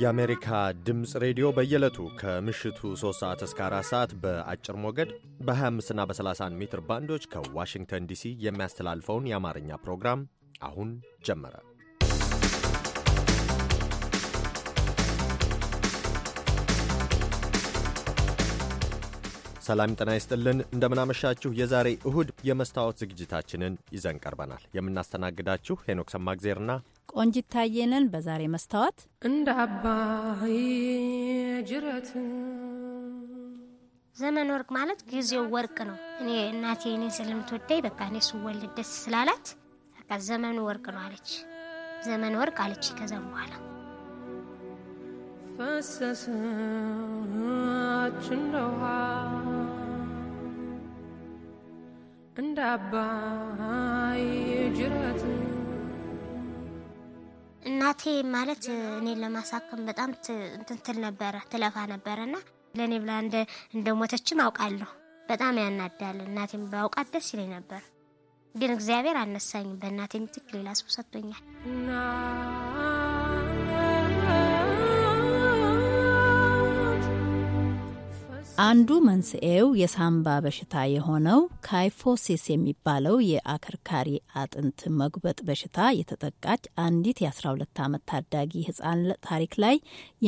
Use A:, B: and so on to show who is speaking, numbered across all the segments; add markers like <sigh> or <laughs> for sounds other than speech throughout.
A: የአሜሪካ ድምፅ ሬዲዮ በየዕለቱ ከምሽቱ 3 ሰዓት እስከ 4 ሰዓት በአጭር ሞገድ በ25ና በ31 ሜትር ባንዶች ከዋሽንግተን ዲሲ የሚያስተላልፈውን የአማርኛ ፕሮግራም አሁን ጀመረ። ሰላም ጤና ይስጥልን። እንደምናመሻችሁ። የዛሬ እሁድ የመስታወት ዝግጅታችንን ይዘን ቀርበናል። የምናስተናግዳችሁ ሄኖክ ሰማግዜርና
B: ቆንጂት ታየ በዛሬ መስታወት እንደ አባይ
C: ጅረት ዘመን ወርቅ ማለት ጊዜው ወርቅ ነው። እኔ እናቴ እኔ ስለምትወደኝ በቃ እኔ ስወልድ ደስ ስላላት በቃ ዘመኑ ወርቅ ነው
D: አለች። ዘመን ወርቅ አለች። ከዛም በኋላ ፈሰሰች እንደ ውሃ እንደ አባይ ጅረት
C: እናቴ ማለት እኔ ለማሳከም በጣም ትንትል ነበረ ትለፋ ነበረ ና ለእኔ ብላ እንደ ሞተችም አውቃለሁ። በጣም ያናዳል። እናቴም ባውቃት ደስ ይለኝ ነበር፣ ግን እግዚአብሔር አነሳኝ። በእናቴ ምትክ ሌላ ሰው ሰጥቶኛል።
B: አንዱ መንስኤው የሳምባ በሽታ የሆነው ካይፎሲስ የሚባለው የአከርካሪ አጥንት መጉበጥ በሽታ የተጠቃች አንዲት የ12 ዓመት ታዳጊ ህፃን ታሪክ ላይ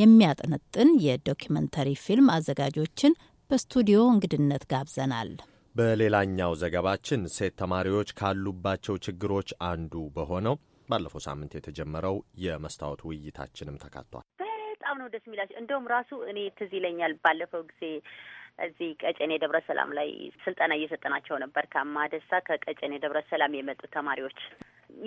B: የሚያጠነጥን የዶኪመንተሪ ፊልም አዘጋጆችን በስቱዲዮ እንግድነት ጋብዘናል።
A: በሌላኛው ዘገባችን ሴት ተማሪዎች ካሉባቸው ችግሮች አንዱ በሆነው ባለፈው ሳምንት የተጀመረው የመስታወት ውይይታችንም ተካቷል።
E: በጣም ነው ደስ የሚላቸው። እንደውም ራሱ እኔ ትዝ ይለኛል ባለፈው ጊዜ እዚህ ቀጨኔ ደብረ ሰላም ላይ ስልጠና እየሰጠናቸው ነበር። ከአማደሳ ከቀጨኔ ደብረ ሰላም የመጡ ተማሪዎች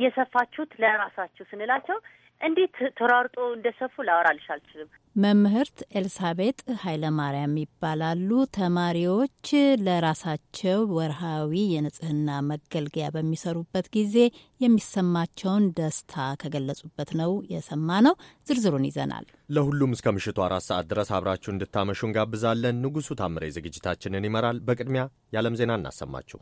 E: የሰፋችሁት ለራሳችሁ ስንላቸው እንዴት ተሯርጦ እንደሰፉ ላወራልሽ አልችልም።
B: መምህርት ኤልሳቤጥ ኃይለማርያም ይባላሉ። ተማሪዎች ለራሳቸው ወርሃዊ የንጽህና መገልገያ በሚሰሩበት ጊዜ የሚሰማቸውን ደስታ ከገለጹበት ነው የሰማ ነው። ዝርዝሩን ይዘናል።
A: ለሁሉም እስከ ምሽቱ አራት ሰዓት ድረስ አብራችሁ እንድታመሹ እንጋብዛለን። ንጉሱ ታምሬ ዝግጅታችንን ይመራል። በቅድሚያ የዓለም ዜና እናሰማችሁ።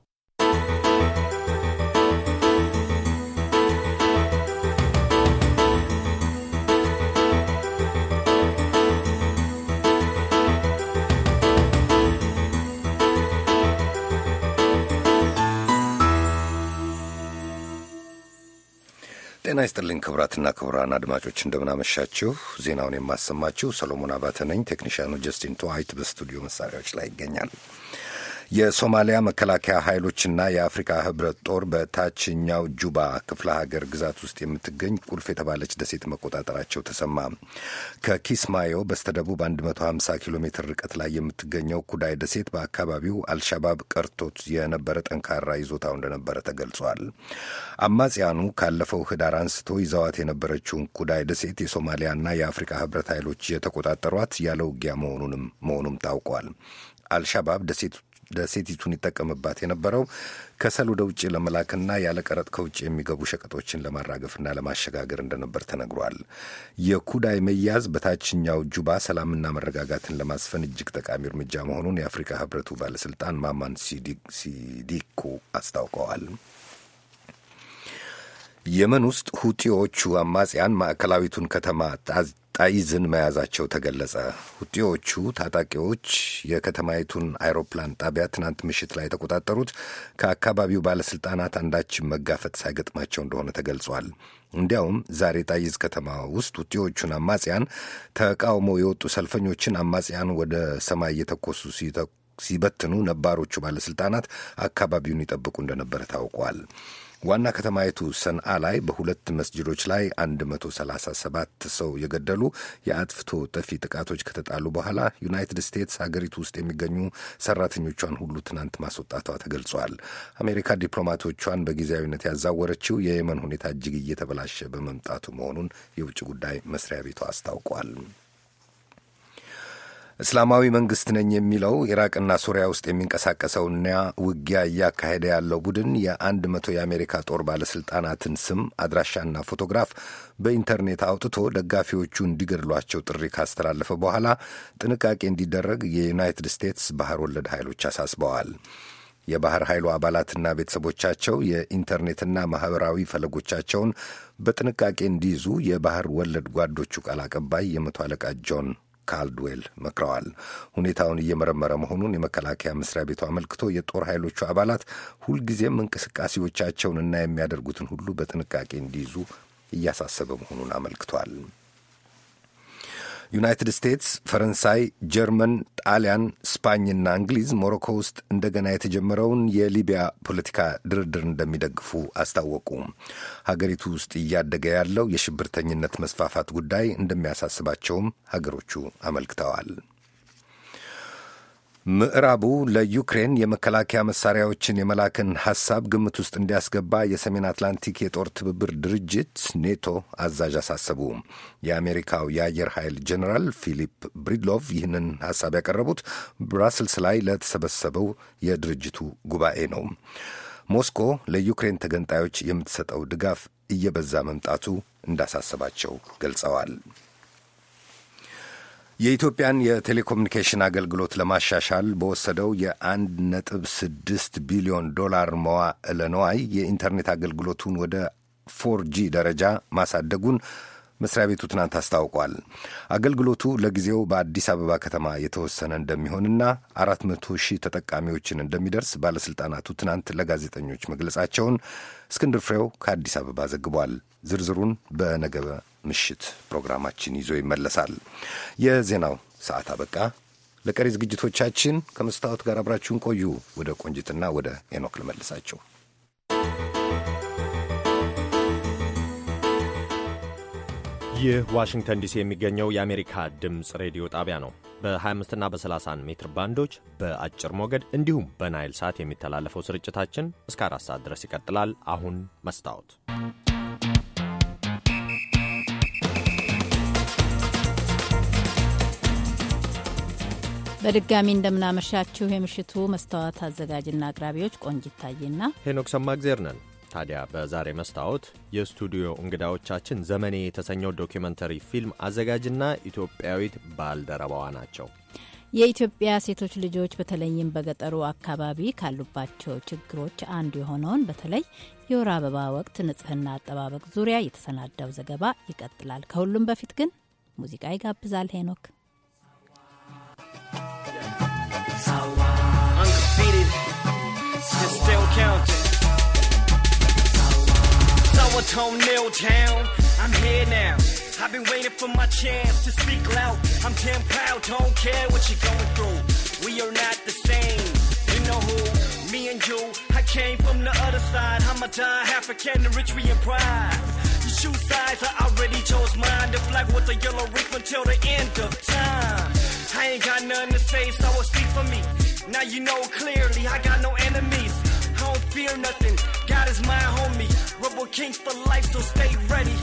F: ጤና ይስጥልኝ ክቡራትና ክቡራን አድማጮች እንደምናመሻችሁ። ዜናውን የማሰማችሁ ሰሎሞን አባተ ነኝ። ቴክኒሽያኑ ጀስቲን ቱዋይት በስቱዲዮ መሳሪያዎች ላይ ይገኛል። የሶማሊያ መከላከያ ኃይሎችና የአፍሪካ ህብረት ጦር በታችኛው ጁባ ክፍለ ሀገር ግዛት ውስጥ የምትገኝ ቁልፍ የተባለች ደሴት መቆጣጠራቸው ተሰማ። ከኪስማዮ በስተደቡብ 150 ኪሎ ሜትር ርቀት ላይ የምትገኘው ኩዳይ ደሴት በአካባቢው አልሻባብ ቀርቶት የነበረ ጠንካራ ይዞታው እንደነበረ ተገልጿል። አማጽያኑ ካለፈው ህዳር አንስቶ ይዘዋት የነበረችውን ኩዳይ ደሴት የሶማሊያና የአፍሪካ ህብረት ኃይሎች የተቆጣጠሯት ያለ ውጊያ መሆኑንም መሆኑም ታውቋል። አልሻባብ ደሴት ደሴቲቱን ይጠቀምባት የነበረው ከሰል ወደ ውጭ ለመላክና ያለ ቀረጥ ከውጭ የሚገቡ ሸቀጦችን ለማራገፍና ለማሸጋገር እንደነበር ተነግሯል። የኩዳይ መያዝ በታችኛው ጁባ ሰላምና መረጋጋትን ለማስፈን እጅግ ጠቃሚ እርምጃ መሆኑን የአፍሪካ ሕብረቱ ባለስልጣን ማማን ሲዲኩ አስታውቀዋል። የመን ውስጥ ሁጢዎቹ አማጽያን ማዕከላዊቱን ከተማ ጣይዝን መያዛቸው ተገለጸ። ውጤዎቹ ታጣቂዎች የከተማይቱን አይሮፕላን ጣቢያ ትናንት ምሽት ላይ የተቆጣጠሩት ከአካባቢው ባለሥልጣናት አንዳችን መጋፈጥ ሳይገጥማቸው እንደሆነ ተገልጿል። እንዲያውም ዛሬ ጣይዝ ከተማ ውስጥ ውጤዎቹን አማጽያን ተቃውሞ የወጡ ሰልፈኞችን አማጽያን ወደ ሰማይ እየተኮሱ ሲበትኑ ነባሮቹ ባለሥልጣናት አካባቢውን ይጠብቁ እንደነበረ ታውቋል። ዋና ከተማይቱ ሰንአ ላይ በሁለት መስጅዶች ላይ 137 ሰው የገደሉ የአጥፍቶ ጠፊ ጥቃቶች ከተጣሉ በኋላ ዩናይትድ ስቴትስ ሀገሪቱ ውስጥ የሚገኙ ሰራተኞቿን ሁሉ ትናንት ማስወጣቷ ተገልጿል። አሜሪካ ዲፕሎማቶቿን በጊዜያዊነት ያዛወረችው የየመን ሁኔታ እጅግ እየተበላሸ በመምጣቱ መሆኑን የውጭ ጉዳይ መስሪያ ቤቷ አስታውቋል። እስላማዊ መንግስት ነኝ የሚለው ኢራቅና ሱሪያ ውስጥ የሚንቀሳቀሰውና ውጊያ እያካሄደ ያለው ቡድን የአንድ መቶ የአሜሪካ ጦር ባለሥልጣናትን ስም አድራሻና ፎቶግራፍ በኢንተርኔት አውጥቶ ደጋፊዎቹ እንዲገድሏቸው ጥሪ ካስተላለፈ በኋላ ጥንቃቄ እንዲደረግ የዩናይትድ ስቴትስ ባህር ወለድ ኃይሎች አሳስበዋል። የባህር ኃይሉ አባላትና ቤተሰቦቻቸው የኢንተርኔትና ማኅበራዊ ፈለጎቻቸውን በጥንቃቄ እንዲይዙ የባህር ወለድ ጓዶቹ ቃል አቀባይ የመቶ አለቃ ጆን ካልድዌል መክረዋል። ሁኔታውን እየመረመረ መሆኑን የመከላከያ መስሪያ ቤቱ አመልክቶ የጦር ኃይሎቹ አባላት ሁልጊዜም እንቅስቃሴዎቻቸውንና የሚያደርጉትን ሁሉ በጥንቃቄ እንዲይዙ እያሳሰበ መሆኑን አመልክቷል። ዩናይትድ ስቴትስ፣ ፈረንሳይ፣ ጀርመን፣ ጣሊያን፣ ስፓኝና እንግሊዝ ሞሮኮ ውስጥ እንደገና የተጀመረውን የሊቢያ ፖለቲካ ድርድር እንደሚደግፉ አስታወቁ። ሀገሪቱ ውስጥ እያደገ ያለው የሽብርተኝነት መስፋፋት ጉዳይ እንደሚያሳስባቸውም ሀገሮቹ አመልክተዋል። ምዕራቡ ለዩክሬን የመከላከያ መሳሪያዎችን የመላክን ሐሳብ ግምት ውስጥ እንዲያስገባ የሰሜን አትላንቲክ የጦር ትብብር ድርጅት ኔቶ አዛዥ አሳሰቡ። የአሜሪካው የአየር ኃይል ጀኔራል ፊሊፕ ብሪድሎቭ ይህንን ሐሳብ ያቀረቡት ብራስልስ ላይ ለተሰበሰበው የድርጅቱ ጉባኤ ነው። ሞስኮ ለዩክሬን ተገንጣዮች የምትሰጠው ድጋፍ እየበዛ መምጣቱ እንዳሳሰባቸው ገልጸዋል። የኢትዮጵያን የቴሌኮሙኒኬሽን አገልግሎት ለማሻሻል በወሰደው የአንድ ነጥብ ስድስት ቢሊዮን ዶላር መዋዕለ ነዋይ የኢንተርኔት አገልግሎቱን ወደ ፎርጂ ደረጃ ማሳደጉን መስሪያ ቤቱ ትናንት አስታውቋል። አገልግሎቱ ለጊዜው በአዲስ አበባ ከተማ የተወሰነ እንደሚሆንና አራት መቶ ሺህ ተጠቃሚዎችን እንደሚደርስ ባለሥልጣናቱ ትናንት ለጋዜጠኞች መግለጻቸውን እስክንድር ፍሬው ከአዲስ አበባ ዘግቧል። ዝርዝሩን በነገበ ምሽት ፕሮግራማችን ይዞ ይመለሳል። የዜናው ሰዓት አበቃ። ለቀሪ ዝግጅቶቻችን ከመስታወት ጋር አብራችሁን ቆዩ። ወደ ቆንጅትና ወደ ሄኖክ ልመልሳቸው።
A: ይህ ዋሽንግተን ዲሲ የሚገኘው የአሜሪካ ድምፅ ሬዲዮ ጣቢያ ነው። 25 እና በ31 ሜትር ባንዶች በአጭር ሞገድ እንዲሁም በናይል ሳት የሚተላለፈው ስርጭታችን እስከ አራት ሰዓት ድረስ ይቀጥላል። አሁን መስታወት
B: በድጋሚ እንደምናመሻችሁ የምሽቱ መስታወት አዘጋጅና አቅራቢዎች ቆንጂት ታዬና
A: ሄኖክ ሰማግዜር ነን። ታዲያ በዛሬ መስታወት የስቱዲዮ እንግዳዎቻችን ዘመኔ የተሰኘው ዶኪመንተሪ ፊልም አዘጋጅና ኢትዮጵያዊት ባልደረባዋ ናቸው።
B: የኢትዮጵያ ሴቶች ልጆች በተለይም በገጠሩ አካባቢ ካሉባቸው ችግሮች አንዱ የሆነውን በተለይ የወር አበባ ወቅት ንጽህና አጠባበቅ ዙሪያ የተሰናዳው ዘገባ ይቀጥላል። ከሁሉም በፊት ግን ሙዚቃ ይጋብዛል ሄኖክ
C: counting. Sourtone, Mill Town, I'm here now. I've been waiting for my chance to speak loud. I'm damn proud, don't care what you're going through. We are not the same. You know who? Me and you. I came from the other side. I'm a die half a can of rich we pride. You shoe sides, I already chose mine. The flag with a yellow reef until the end of time. I ain't got nothing to say, so I'll speak for me. Now you know clearly, I got no enemies fear nothing. God is my homie. Rebel kings for life, so stay ready.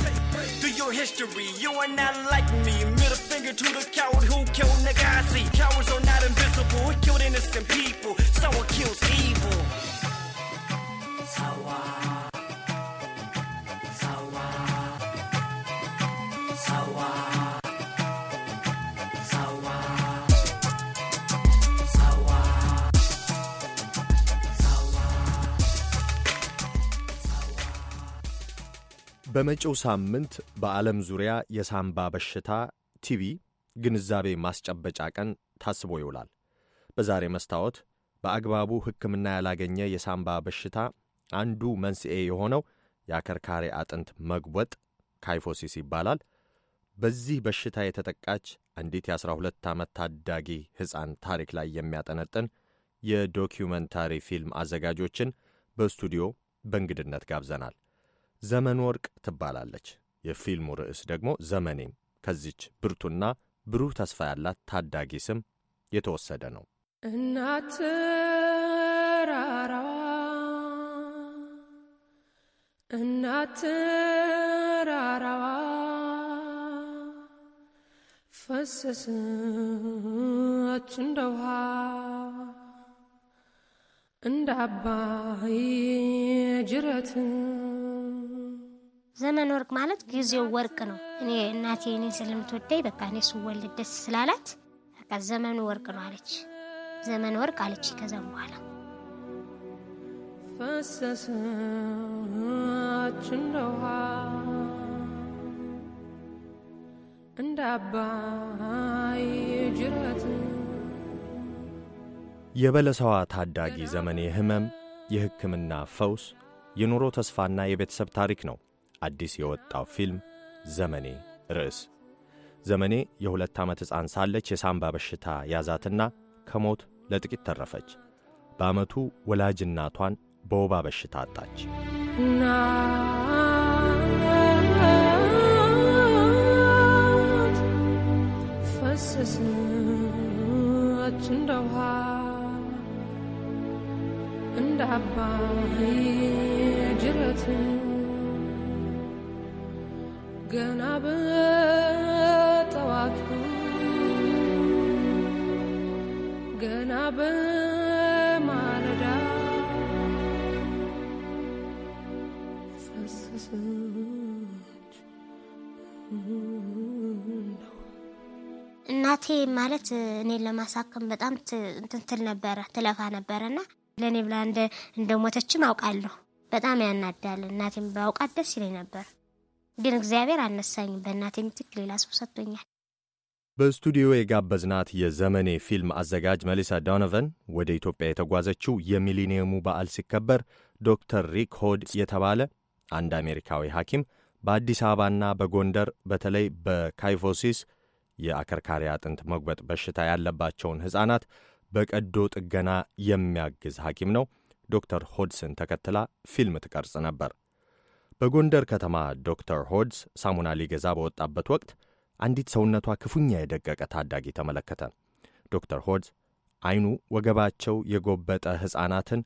C: Do your history, you are not like me. Middle finger to the coward who
A: killed
D: Nagasi. Cowards are not invisible, we killed innocent people. Someone kills evil.
G: Tawar.
A: በመጪው ሳምንት በዓለም ዙሪያ የሳምባ በሽታ ቲቢ ግንዛቤ ማስጨበጫ ቀን ታስቦ ይውላል። በዛሬ መስታወት በአግባቡ ሕክምና ያላገኘ የሳምባ በሽታ አንዱ መንስኤ የሆነው የአከርካሪ አጥንት መግወጥ ካይፎሲስ ይባላል። በዚህ በሽታ የተጠቃች አንዲት የ12 ዓመት ታዳጊ ሕፃን ታሪክ ላይ የሚያጠነጥን የዶኪመንታሪ ፊልም አዘጋጆችን በስቱዲዮ በእንግድነት ጋብዘናል። ዘመን ወርቅ ትባላለች። የፊልሙ ርዕስ ደግሞ ዘመኔም ከዚች ብርቱና ብሩህ ተስፋ ያላት ታዳጊ ስም የተወሰደ ነው።
D: እናት ራራዋ እናት ራራዋ ፈሰሰች እንደ ውሃ እንደ አባይ ዘመን ወርቅ
C: ማለት ጊዜው ወርቅ ነው። እኔ እናቴ እኔ ስለምትወደኝ በቃ እኔ ስወልድ ደስ ስላላት በቃ ዘመኑ ወርቅ ነው አለች። ዘመን ወርቅ አለች። ከዛም በኋላ
D: ፈሰሰች እንደ ውሃ እንደ አባይ ጅረት
A: የበለሰዋ ታዳጊ ዘመኔ ህመም የሕክምና ፈውስ የኑሮ ተስፋና የቤተሰብ ታሪክ ነው። አዲስ የወጣው ፊልም ዘመኔ ርዕስ ዘመኔ የሁለት ዓመት ሕፃን ሳለች የሳምባ በሽታ ያዛትና ከሞት ለጥቂት ተረፈች። በዓመቱ ወላጅ እናቷን በወባ በሽታ አጣች። እናት
D: ፈሰሰች እንደ ውሃ እንደ አባይ ገና በጠዋቱ ገና በማለዳ ፈሰሰች።
C: እናቴ ማለት እኔን ለማሳከም በጣም እንትን ትል ነበረ ትለፋ ነበረና ለእኔ ብላ እንደሞተችም አውቃለሁ። በጣም ያናዳል። እናቴም ባውቃት ደስ ይለኝ ነበር። ግን እግዚአብሔር አልነሳኝም። በእናቴ ምትክ ሌላ ሰው ሰጥቶኛል።
A: በስቱዲዮ የጋበዝናት የዘመኔ ፊልም አዘጋጅ መሊሳ ዶኖቨን ወደ ኢትዮጵያ የተጓዘችው የሚሊኒየሙ በዓል ሲከበር ዶክተር ሪክ ሆድ የተባለ አንድ አሜሪካዊ ሐኪም በአዲስ አበባና በጎንደር በተለይ በካይፎሲስ የአከርካሪ አጥንት መጉበጥ በሽታ ያለባቸውን ሕፃናት በቀዶ ጥገና የሚያግዝ ሐኪም ነው። ዶክተር ሆድስን ተከትላ ፊልም ትቀርጽ ነበር። በጎንደር ከተማ ዶክተር ሆድስ ሳሙና ሊገዛ በወጣበት ወቅት አንዲት ሰውነቷ ክፉኛ የደቀቀ ታዳጊ ተመለከተ። ዶክተር ሆድስ አይኑ ወገባቸው የጎበጠ ሕፃናትን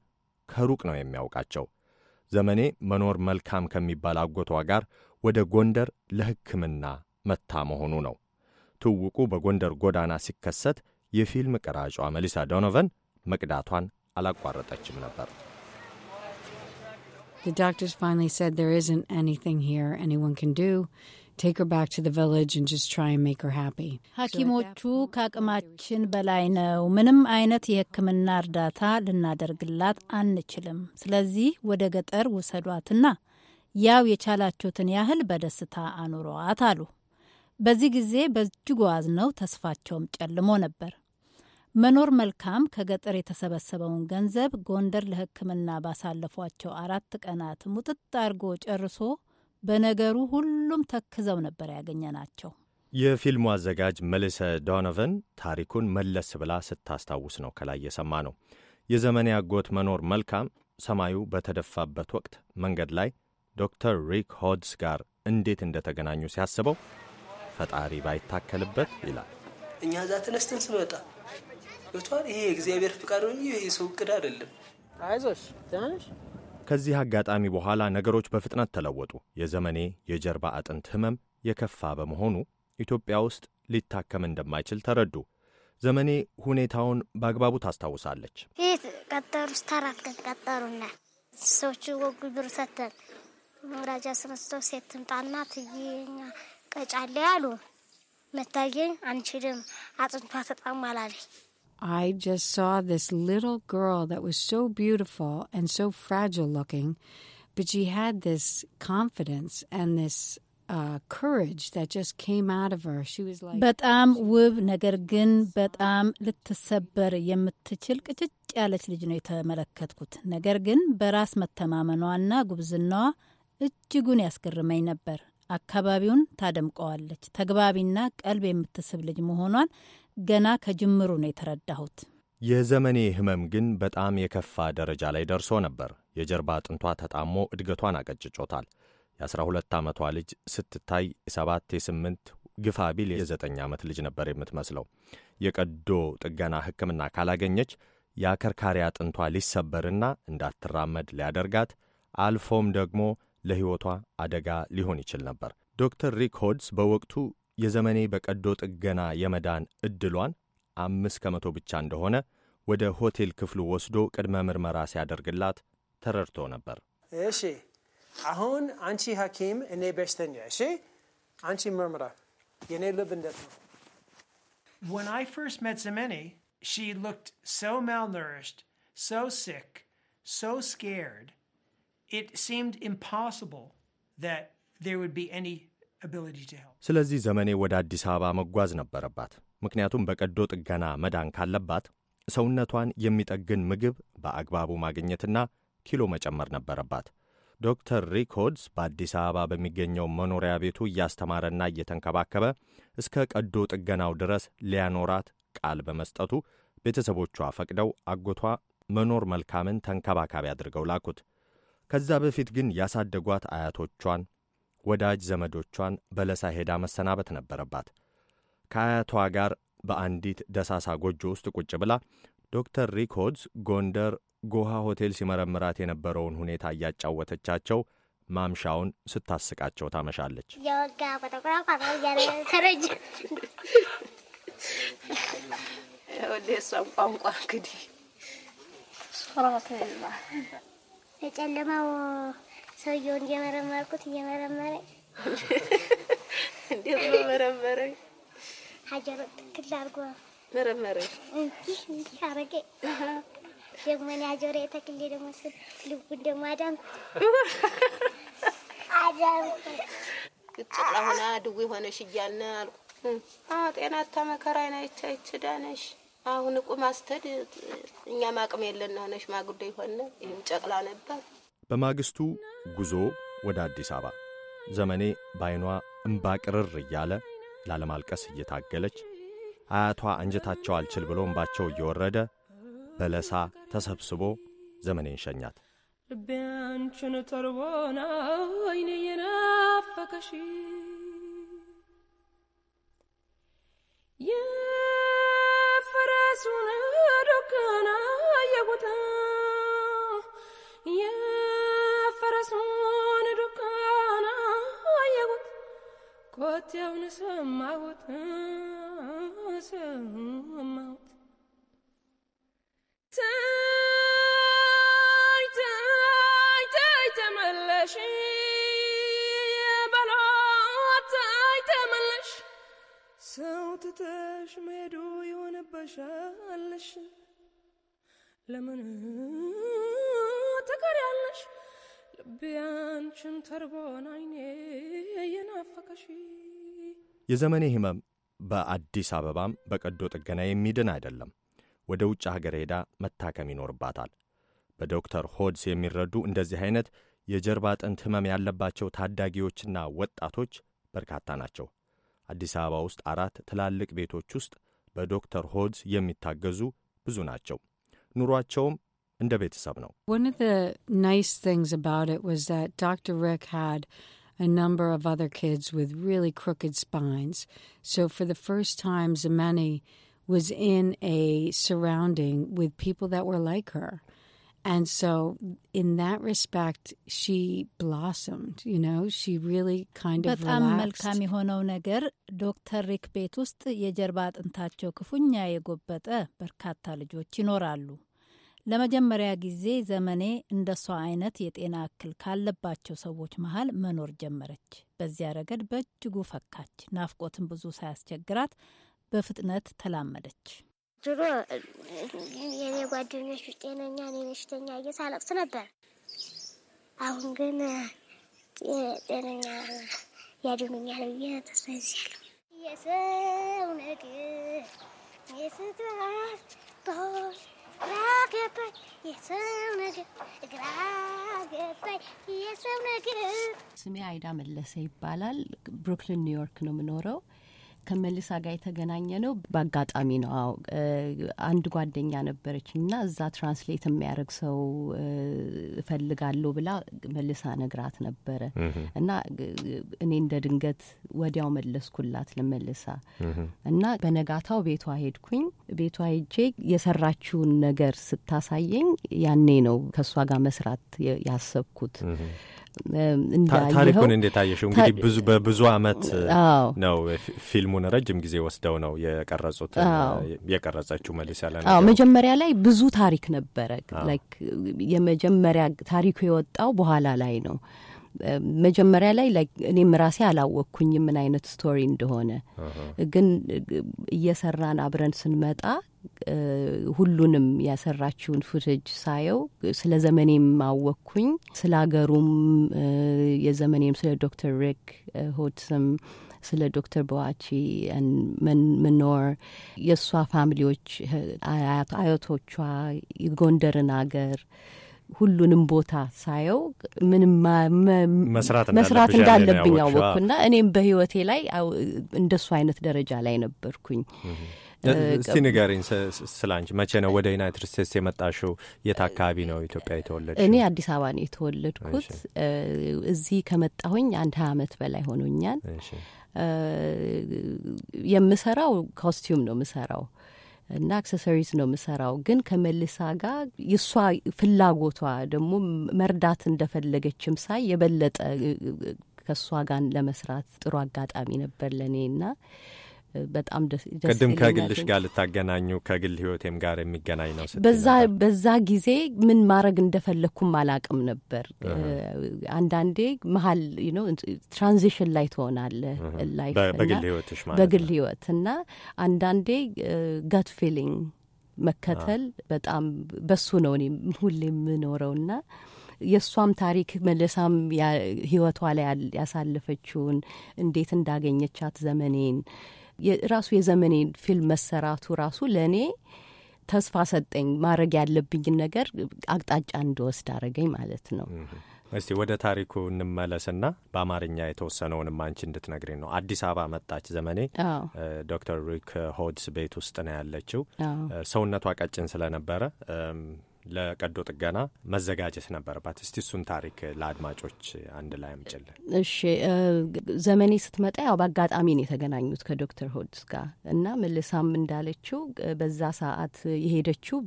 A: ከሩቅ ነው የሚያውቃቸው። ዘመኔ መኖር መልካም ከሚባል አጎቷ ጋር ወደ ጎንደር ለሕክምና መታ መሆኑ ነው። ትውውቁ በጎንደር ጎዳና ሲከሰት የፊልም ቀራጯ መሊሳ ዶኖቨን መቅዳቷን አላቋረጠችም ነበር።
H: The doctors finally said there isn't anything here anyone can do. Take her back to the village and just try and make her happy. ሐኪሞቹ
B: ከአቅማችን በላይ ነው፣ ምንም አይነት የሕክምና እርዳታ ልናደርግላት አንችልም። ስለዚህ ወደ ገጠር ውሰዷትና ያው የቻላችሁትን ያህል በደስታ አኑሯት አሉ። በዚህ ጊዜ በእጅጉ አዝነው ተስፋቸውም ጨልሞ ነበር። መኖር መልካም ከገጠር የተሰበሰበውን ገንዘብ ጎንደር ለሕክምና ባሳለፏቸው አራት ቀናት ሙጥጥ አድርጎ ጨርሶ በነገሩ ሁሉም ተክዘው ነበር ያገኘ ናቸው።
A: የፊልሙ አዘጋጅ መልሰ ዶኖቨን ታሪኩን መለስ ብላ ስታስታውስ ነው ከላይ የሰማ ነው። የዘመን ያጎት መኖር መልካም ሰማዩ በተደፋበት ወቅት መንገድ ላይ ዶክተር ሪክ ሆድስ ጋር እንዴት እንደተገናኙ ሲያስበው ፈጣሪ ባይታከልበት ይላል።
C: እኛ እዛ ተነስተን
D: ስንወጣ ገብቷል። ይሄ
C: እግዚአብሔር ፍቃድ ወይ ይሄ ሰው እቅድ አይደለም።
D: አይዞሽ ትናንሽ
A: ከዚህ አጋጣሚ በኋላ ነገሮች በፍጥነት ተለወጡ። የዘመኔ የጀርባ አጥንት ህመም የከፋ በመሆኑ ኢትዮጵያ ውስጥ ሊታከም እንደማይችል ተረዱ። ዘመኔ ሁኔታውን በአግባቡ ታስታውሳለች።
C: ይህ ቀጠሩ ስታራት ቀን ቀጠሩና ሰዎቹ ወጉ ብር ሰተን መውራጃ ስነስተው ሴት ትምጣና ትይኛ ቀጫለ ያሉ መታየኝ አንችልም አጥንቷ ተጣማላለች
H: I just saw this little girl that was so beautiful and so fragile looking, but she had this confidence and this uh, courage that just came out of her. She was like "But
B: I'm um, በጣም ውብ ነገር ግን በጣም ልትሰበር የምትችል ቅጭጭ ያለች ልጅ ነው የተመለከትኩት። ነገር ግን በራስ መተማመኗና ጉብዝናዋ እጅጉን ያስገርመኝ ነበር። አካባቢውን ታደምቀዋለች። ተግባቢና ቀልብ የምትስብ ልጅ መሆኗን ገና ከጅምሩ ነው የተረዳሁት።
A: የዘመኔ ህመም ግን በጣም የከፋ ደረጃ ላይ ደርሶ ነበር። የጀርባ አጥንቷ ተጣሞ እድገቷን አቀጭጮታል። የ12 ዓመቷ ልጅ ስትታይ የሰባት የስምንት ግፋ ቢል የዘጠኝ ዓመት ልጅ ነበር የምትመስለው። የቀዶ ጥገና ሕክምና ካላገኘች የአከርካሪ አጥንቷ ሊሰበርና እንዳትራመድ ሊያደርጋት አልፎም ደግሞ ለሕይወቷ አደጋ ሊሆን ይችል ነበር። ዶክተር ሪክ ሆድስ በወቅቱ የዘመኔ በቀዶ ጥገና የመዳን ዕድሏን አምስት ከመቶ ብቻ እንደሆነ ወደ ሆቴል ክፍሉ ወስዶ ቅድመ ምርመራ ሲያደርግላት ተረድቶ ነበር። እሺ፣ አሁን አንቺ ሐኪም፣ እኔ በሽተኛ። እሺ፣ አንቺ ምርመራ። የእኔ ልብ እንደት ነው? When I first
D: met Zemeni, she looked so malnourished, so sick, so scared. It seemed impossible that there would be any
A: ስለዚህ ዘመኔ ወደ አዲስ አበባ መጓዝ ነበረባት። ምክንያቱም በቀዶ ጥገና መዳን ካለባት ሰውነቷን የሚጠግን ምግብ በአግባቡ ማግኘትና ኪሎ መጨመር ነበረባት። ዶክተር ሪኮርድስ በአዲስ አበባ በሚገኘው መኖሪያ ቤቱ እያስተማረና እየተንከባከበ እስከ ቀዶ ጥገናው ድረስ ሊያኖራት ቃል በመስጠቱ ቤተሰቦቿ ፈቅደው አጎቷ መኖር መልካምን ተንከባካቢ አድርገው ላኩት። ከዛ በፊት ግን ያሳደጓት አያቶቿን ወዳጅ ዘመዶቿን በለሳ ሄዳ መሰናበት ነበረባት። ከአያቷ ጋር በአንዲት ደሳሳ ጎጆ ውስጥ ቁጭ ብላ ዶክተር ሪኮርድስ ጎንደር ጎሃ ሆቴል ሲመረምራት የነበረውን ሁኔታ እያጫወተቻቸው ማምሻውን ስታስቃቸው ታመሻለች።
H: የእሷም ቋንቋ እንግዲህ
C: የጨለማው ሰውየውን እየመረመርኩት እየመረመረኝ እንዴት ነው መረመረኝ? ሀጀሮ ትክክል አድርጎ መረመረኝ። እንዲህ እንዲህ አረገ። ደግሞ እኔ ሀጀር የተክሌ ደግሞ ስል ልቡን ደግሞ አዳንኩ አዳንኩ።
H: ግጭቃ ድዊ ድዌ ሆነሽ እያልን አልኩ። ጤና ታመከራ አይና ይችዳነሽ
B: አሁን ቁም አስተድ እኛም አቅም የለን ሆነሽ ማጉዳይ ሆነ ይህም
I: ጨቅላ ነበር
A: በማግስቱ ጉዞ ወደ አዲስ አበባ ዘመኔ ባይኗ እምባቅርር እያለ ላለማልቀስ እየታገለች አያቷ አንጀታቸው አልችል ብሎ እምባቸው እየወረደ በለሳ ተሰብስቦ ዘመኔን ሸኛት።
D: ልቤ አንቺን ተርቦና ወይኔ የናፈቀሽ የፈረሱን ዶጋና የቦታ ራሱን ዱካና አየሁት ኮቴውን ሰማሁት ሰማሁት ታይ ታይ ታይ ተመለሽ በሏት ታይ ተመለሽ ሰው ትተሽ መሄዱ ይሆንበሻልሽ ለምን ትቀሪያለሽ ልቢያንችን ተርቦን አይኔ የናፈቀሽ
A: የዘመኔ ህመም በአዲስ አበባም በቀዶ ጥገና የሚድን አይደለም። ወደ ውጭ ሀገር ሄዳ መታከም ይኖርባታል። በዶክተር ሆድስ የሚረዱ እንደዚህ አይነት የጀርባ አጥንት ህመም ያለባቸው ታዳጊዎችና ወጣቶች በርካታ ናቸው። አዲስ አበባ ውስጥ አራት ትላልቅ ቤቶች ውስጥ በዶክተር ሆድስ የሚታገዙ ብዙ ናቸው። ኑሯቸውም እንደ ቤተሰብ ነው።
H: One of the nice things about it was that Dr. Rick had a number of other kids with really crooked spines. So for the first time, Zemani was in a surrounding with people that were like her. And so, in that respect, she blossomed. You know, she really kind of በጣም መልካም
B: የሆነው ነገር ዶክተር ሪክ ቤት ውስጥ የጀርባ አጥንታቸው ክፉኛ ለመጀመሪያ ጊዜ ዘመኔ እንደ እንደሷ አይነት የጤና እክል ካለባቸው ሰዎች መሀል መኖር ጀመረች። በዚያ ረገድ በእጅጉ ፈካች። ናፍቆትን ብዙ ሳያስቸግራት በፍጥነት ተላመደች።
C: ድሮ የኔ ጓደኞች ጤነኛ፣ እኔ በሽተኛ እየሳለቅስ ነበር። አሁን ግን ጤነኛ ያድኑኛል ብዬ ተስፋ ይዛለሁ። የሰው ነገር የስትራት ግራ የሰው ነገር ግራ
H: ስሜ አይዳ መለሰ ይባላል። ብሩክሊን ኒውዮርክ ነው የምኖረው። ከመልሳ ጋር የተገናኘ ነው በአጋጣሚ ነው። አዎ አንድ ጓደኛ ነበረች እና እዛ ትራንስሌት የሚያደርግ ሰው እፈልጋለሁ ብላ መልሳ ነግራት ነበረ እና እኔ እንደ ድንገት ወዲያው መለስኩላት ለመልሳ እና በነጋታው ቤቷ ሄድኩኝ። ቤቷ ሄጄ የሰራችውን ነገር ስታሳየኝ ያኔ ነው ከእሷ ጋር መስራት ያሰብኩት። ታሪኩን እንዴት አየሽው? እንግዲህ ብዙ በብዙ አመት
A: ነው ፊልሙን ረጅም ጊዜ ወስደው ነው የቀረጹት የቀረጸችው መልስ ያለ ነው። መጀመሪያ
H: ላይ ብዙ ታሪክ ነበረ። ላይክ የመጀመሪያ ታሪኩ የወጣው በኋላ ላይ ነው። መጀመሪያ ላይ እኔም ራሴ አላወቅኩኝ ምን አይነት ስቶሪ እንደሆነ። ግን እየሰራን አብረን ስንመጣ ሁሉንም ያሰራችውን ፉቴጅ ሳየው ስለ ዘመኔም አወቅኩኝ፣ ስለ አገሩም የዘመኔም ስለ ዶክተር ሪክ ሆትስም ስለ ዶክተር በዋቺ መኖር የእሷ ፋሚሊዎች አያቶቿ የጎንደርን አገር ሁሉንም ቦታ ሳየው ምንም መስራት እንዳለብኝ አወቅኩና እኔም በህይወቴ ላይ እንደሱ አይነት ደረጃ ላይ ነበርኩኝ። እስቲ
A: ንገሪኝ ስለ አንቺ። መቼ ነው ወደ ዩናይትድ ስቴትስ የመጣሽው? የት አካባቢ ነው ኢትዮጵያ የተወለድ? እኔ አዲስ
H: አበባ ነው የተወለድኩት። እዚህ ከመጣሁኝ አንድ ሀያ አመት በላይ ሆኖኛል። የምሰራው ኮስቲዩም ነው የምሰራው እና አክሰሰሪስ ነው የምሰራው። ግን ከመልሳ ጋር የእሷ ፍላጎቷ ደግሞ መርዳት እንደፈለገችም ሳይ የበለጠ ከእሷ ጋር ለመስራት ጥሩ አጋጣሚ ነበር ለእኔ እና በጣም ቅድም ከግልሽ
A: ጋር ልታገናኙ ከግል ህይወቴም ጋር የሚገናኝ ነው።
H: በዛ ጊዜ ምን ማድረግ እንደፈለግኩም አላቅም ነበር። አንዳንዴ መሀል ትራንዚሽን ላይ ትሆናለህ በግል ህይወትሽ ማለት በግል ህይወት እና አንዳንዴ ጋት ፊሊንግ መከተል በጣም በሱ ነው እኔ ሁሌ የምኖረውና የእሷም ታሪክ መለሳም ህይወቷ ላይ ያሳለፈችውን እንዴት እንዳገኘቻት ዘመኔን ራሱ የዘመኔ ፊልም መሰራቱ ራሱ ለእኔ ተስፋ ሰጠኝ። ማድረግ ያለብኝን ነገር አቅጣጫ እንድወስድ አረገኝ ማለት ነው።
A: እስቲ ወደ ታሪኩ እንመለስና በአማርኛ የተወሰነውንም አንቺ እንድትነግሪኝ ነው። አዲስ አበባ መጣች ዘመኔ። ዶክተር ሪክ ሆድስ ቤት ውስጥ ነው ያለችው። ሰውነቷ ቀጭን ስለነበረ ለቀዶ ጥገና መዘጋጀት ነበረባት። እስቲ እሱን ታሪክ ለአድማጮች አንድ ላይ አምጭልን።
H: እሺ፣ ዘመኔ ስትመጣ ያው በአጋጣሚ ነው የተገናኙት ከዶክተር ሆድስ ጋር እና መልሳም እንዳለችው በዛ ሰዓት የሄደችው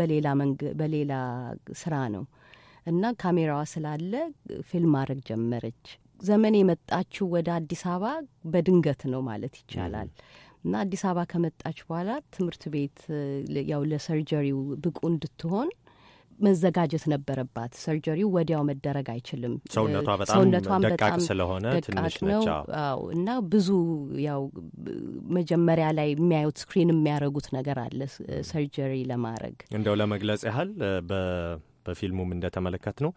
H: በሌላ በሌላ ስራ ነው እና ካሜራዋ ስላለ ፊልም ማድረግ ጀመረች። ዘመኔ የመጣችው ወደ አዲስ አበባ በድንገት ነው ማለት ይቻላል። እና አዲስ አበባ ከመጣች በኋላ ትምህርት ቤት ያው ለሰርጀሪው ብቁ እንድትሆን መዘጋጀት ነበረባት። ሰርጀሪው ወዲያው መደረግ አይችልም። ሰውነቷ በጣም ደቃቅ ስለሆነ ትንሽ ነው እና ብዙ ያው መጀመሪያ ላይ የሚያዩት ስክሪን የሚያደርጉት ነገር አለ ሰርጀሪ ለማድረግ
A: እንደው ለመግለጽ ያህል በፊልሙም እንደተመለከት ነው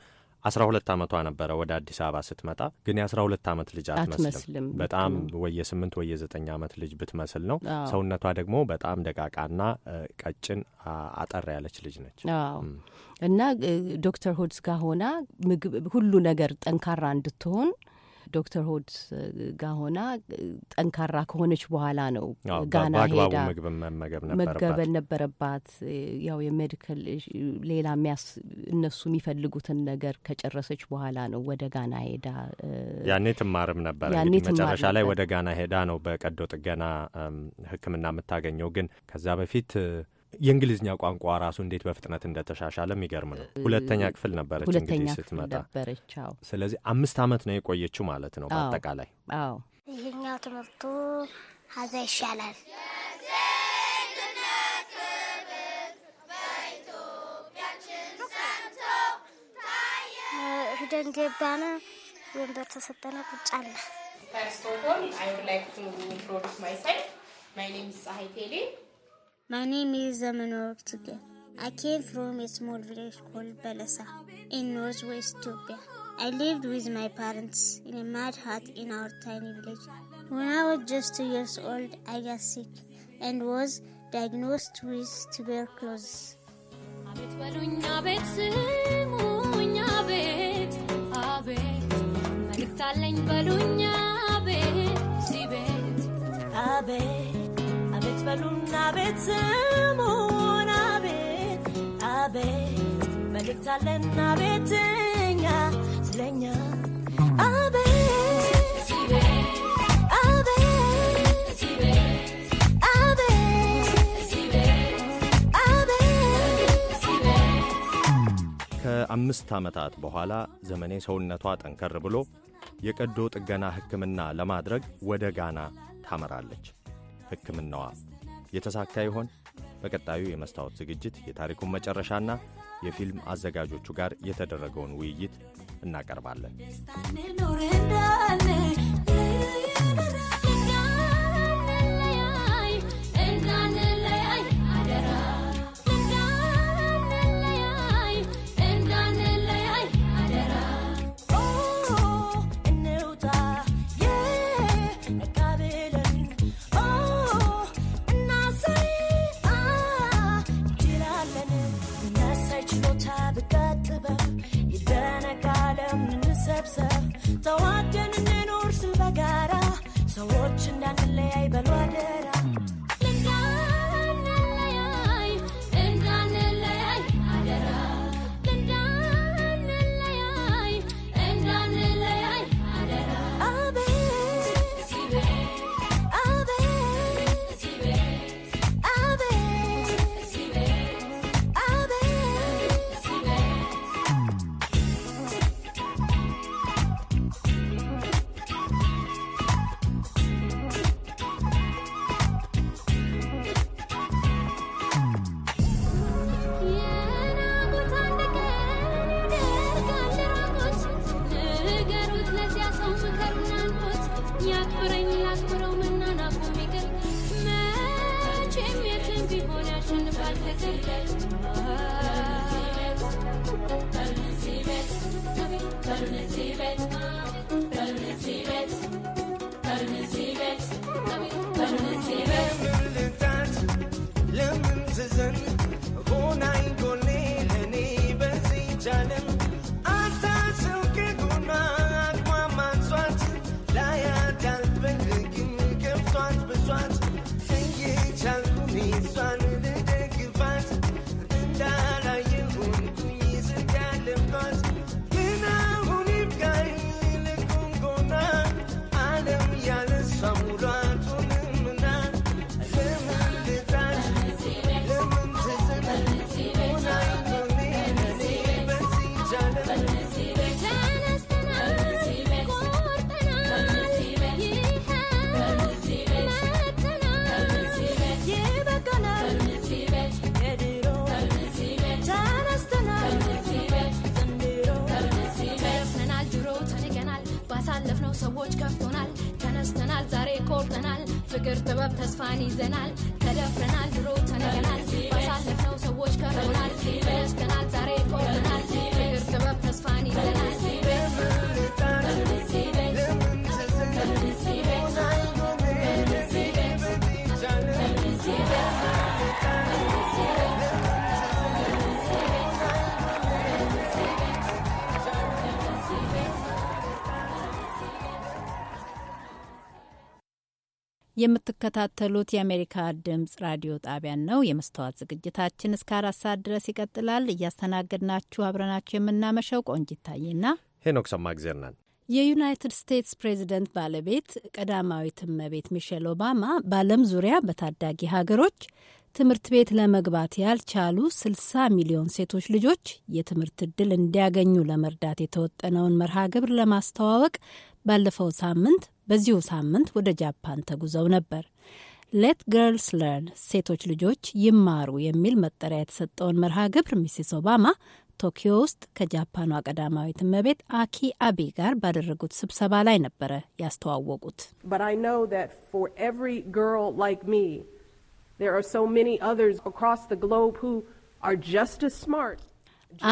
A: አስራ ሁለት ዓመቷ ነበረ ወደ አዲስ አበባ ስትመጣ። ግን የአስራ ሁለት ዓመት ልጅ አትመስልም። በጣም ወየ ስምንት ወየ ዘጠኝ ዓመት ልጅ ብትመስል ነው። ሰውነቷ ደግሞ በጣም ደቃቃና ቀጭን አጠር ያለች ልጅ ነች።
H: እና ዶክተር ሆድስ ጋር ሆና ምግብ ሁሉ ነገር ጠንካራ እንድትሆን ዶክተር ሆድ ጋሆና ጠንካራ ከሆነች በኋላ ነው ጋና ሄዳ መገበል ነበረባት። ያው የሜዲካል ሌላ ሚያስ እነሱ የሚፈልጉትን ነገር ከጨረሰች በኋላ ነው ወደ ጋና ሄዳ ያኔ
A: ትማርም ነበረ። መጨረሻ ላይ ወደ ጋና ሄዳ ነው በቀዶ ጥገና ሕክምና የምታገኘው ግን ከዛ በፊት የእንግሊዝኛ ቋንቋ ራሱ እንዴት በፍጥነት እንደተሻሻለ የሚገርም ነው። ሁለተኛ ክፍል ነበረች እንግዲህ ስትመጣ ነበረች። ስለዚህ አምስት ዓመት ነው የቆየችው ማለት ነው በአጠቃላይ።
F: አዎ
C: ይህኛው ትምህርቱ ሀዛ ይሻላል። ሂደን ገባነ ወንበር ተሰጠነ ቁጭ አለ
I: ፈርስት ኦፍ ኦል አይ ውድ ላይክ ቱ ማይ ኔም ፀሐይ ቴሌ
C: My name is Zamanur Tsuke. I came from a small village called Belasa in northwest Ethiopia. I lived with my parents in a mud hut in our tiny village. When I was just two years old, I got sick and was diagnosed
D: with tuberculosis.
J: ቤት ቤት አቤት ቤትኛ ስለኛ
A: ከአምስት ዓመታት በኋላ ዘመኔ ሰውነቷ ጠንከር ብሎ የቀዶ ጥገና ሕክምና ለማድረግ ወደ ጋና ታመራለች። ሕክምናዋ የተሳካ ይሆን? በቀጣዩ የመስታወት ዝግጅት የታሪኩን መጨረሻና የፊልም አዘጋጆቹ ጋር የተደረገውን ውይይት እናቀርባለን።
G: you.
B: የምትከታተሉት የአሜሪካ ድምፅ ራዲዮ ጣቢያን ነው። የመስተዋት ዝግጅታችን እስከ አራት ሰዓት ድረስ ይቀጥላል። እያስተናገድናችሁ አብረናችሁ የምናመሸው ቆንጅ ይታይና
A: ሄኖክ ሰማእግዜር ነን።
B: የዩናይትድ ስቴትስ ፕሬዚደንት ባለቤት ቀዳማዊት እመቤት ሚሼል ኦባማ በዓለም ዙሪያ በታዳጊ ሀገሮች ትምህርት ቤት ለመግባት ያልቻሉ 60 ሚሊዮን ሴቶች ልጆች የትምህርት ዕድል እንዲያገኙ ለመርዳት የተወጠነውን መርሃ ግብር ለማስተዋወቅ ባለፈው ሳምንት በዚሁ ሳምንት ወደ ጃፓን ተጉዘው ነበር። ሌት ገርልስ ለርን ሴቶች ልጆች ይማሩ የሚል መጠሪያ የተሰጠውን መርሃ ግብር ሚስስ ኦባማ ቶኪዮ ውስጥ ከጃፓኗ ቀዳማዊት እመቤት አኪ አቤ ጋር ባደረጉት ስብሰባ ላይ ነበረ ያስተዋወቁት።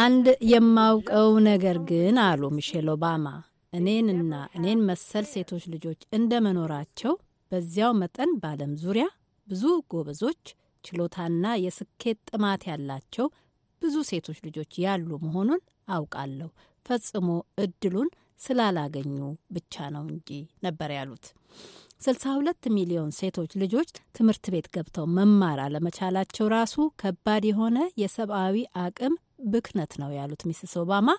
B: አንድ የማውቀው ነገር ግን አሉ ሚሼል ኦባማ እኔንና እኔን መሰል ሴቶች ልጆች እንደ መኖራቸው በዚያው መጠን በዓለም ዙሪያ ብዙ ጎበዞች፣ ችሎታና የስኬት ጥማት ያላቸው ብዙ ሴቶች ልጆች ያሉ መሆኑን አውቃለሁ። ፈጽሞ እድሉን ስላላገኙ ብቻ ነው እንጂ ነበር ያሉት። 62 ሚሊዮን ሴቶች ልጆች ትምህርት ቤት ገብተው መማር አለመቻላቸው ራሱ ከባድ የሆነ የሰብአዊ አቅም ብክነት ነው ያሉት ሚስስ ኦባማ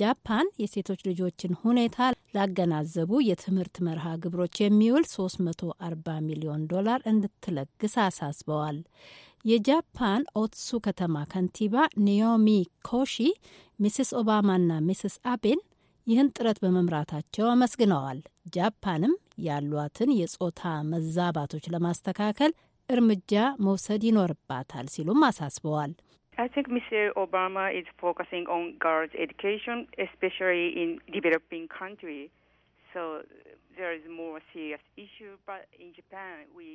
B: ጃፓን የሴቶች ልጆችን ሁኔታ ላገናዘቡ የትምህርት መርሃ ግብሮች የሚውል 340 ሚሊዮን ዶላር እንድትለግስ አሳስበዋል። የጃፓን ኦትሱ ከተማ ከንቲባ ኒዮሚ ኮሺ ሚስስ ኦባማና ሚስስ አቤን ይህን ጥረት በመምራታቸው አመስግነዋል። ጃፓንም ያሏትን የጾታ መዛባቶች ለማስተካከል እርምጃ መውሰድ ይኖርባታል ሲሉም አሳስበዋል።
E: I think Mr. Obama is focusing on girls' education, especially in developing countries. So there is more serious issue, but in Japan we.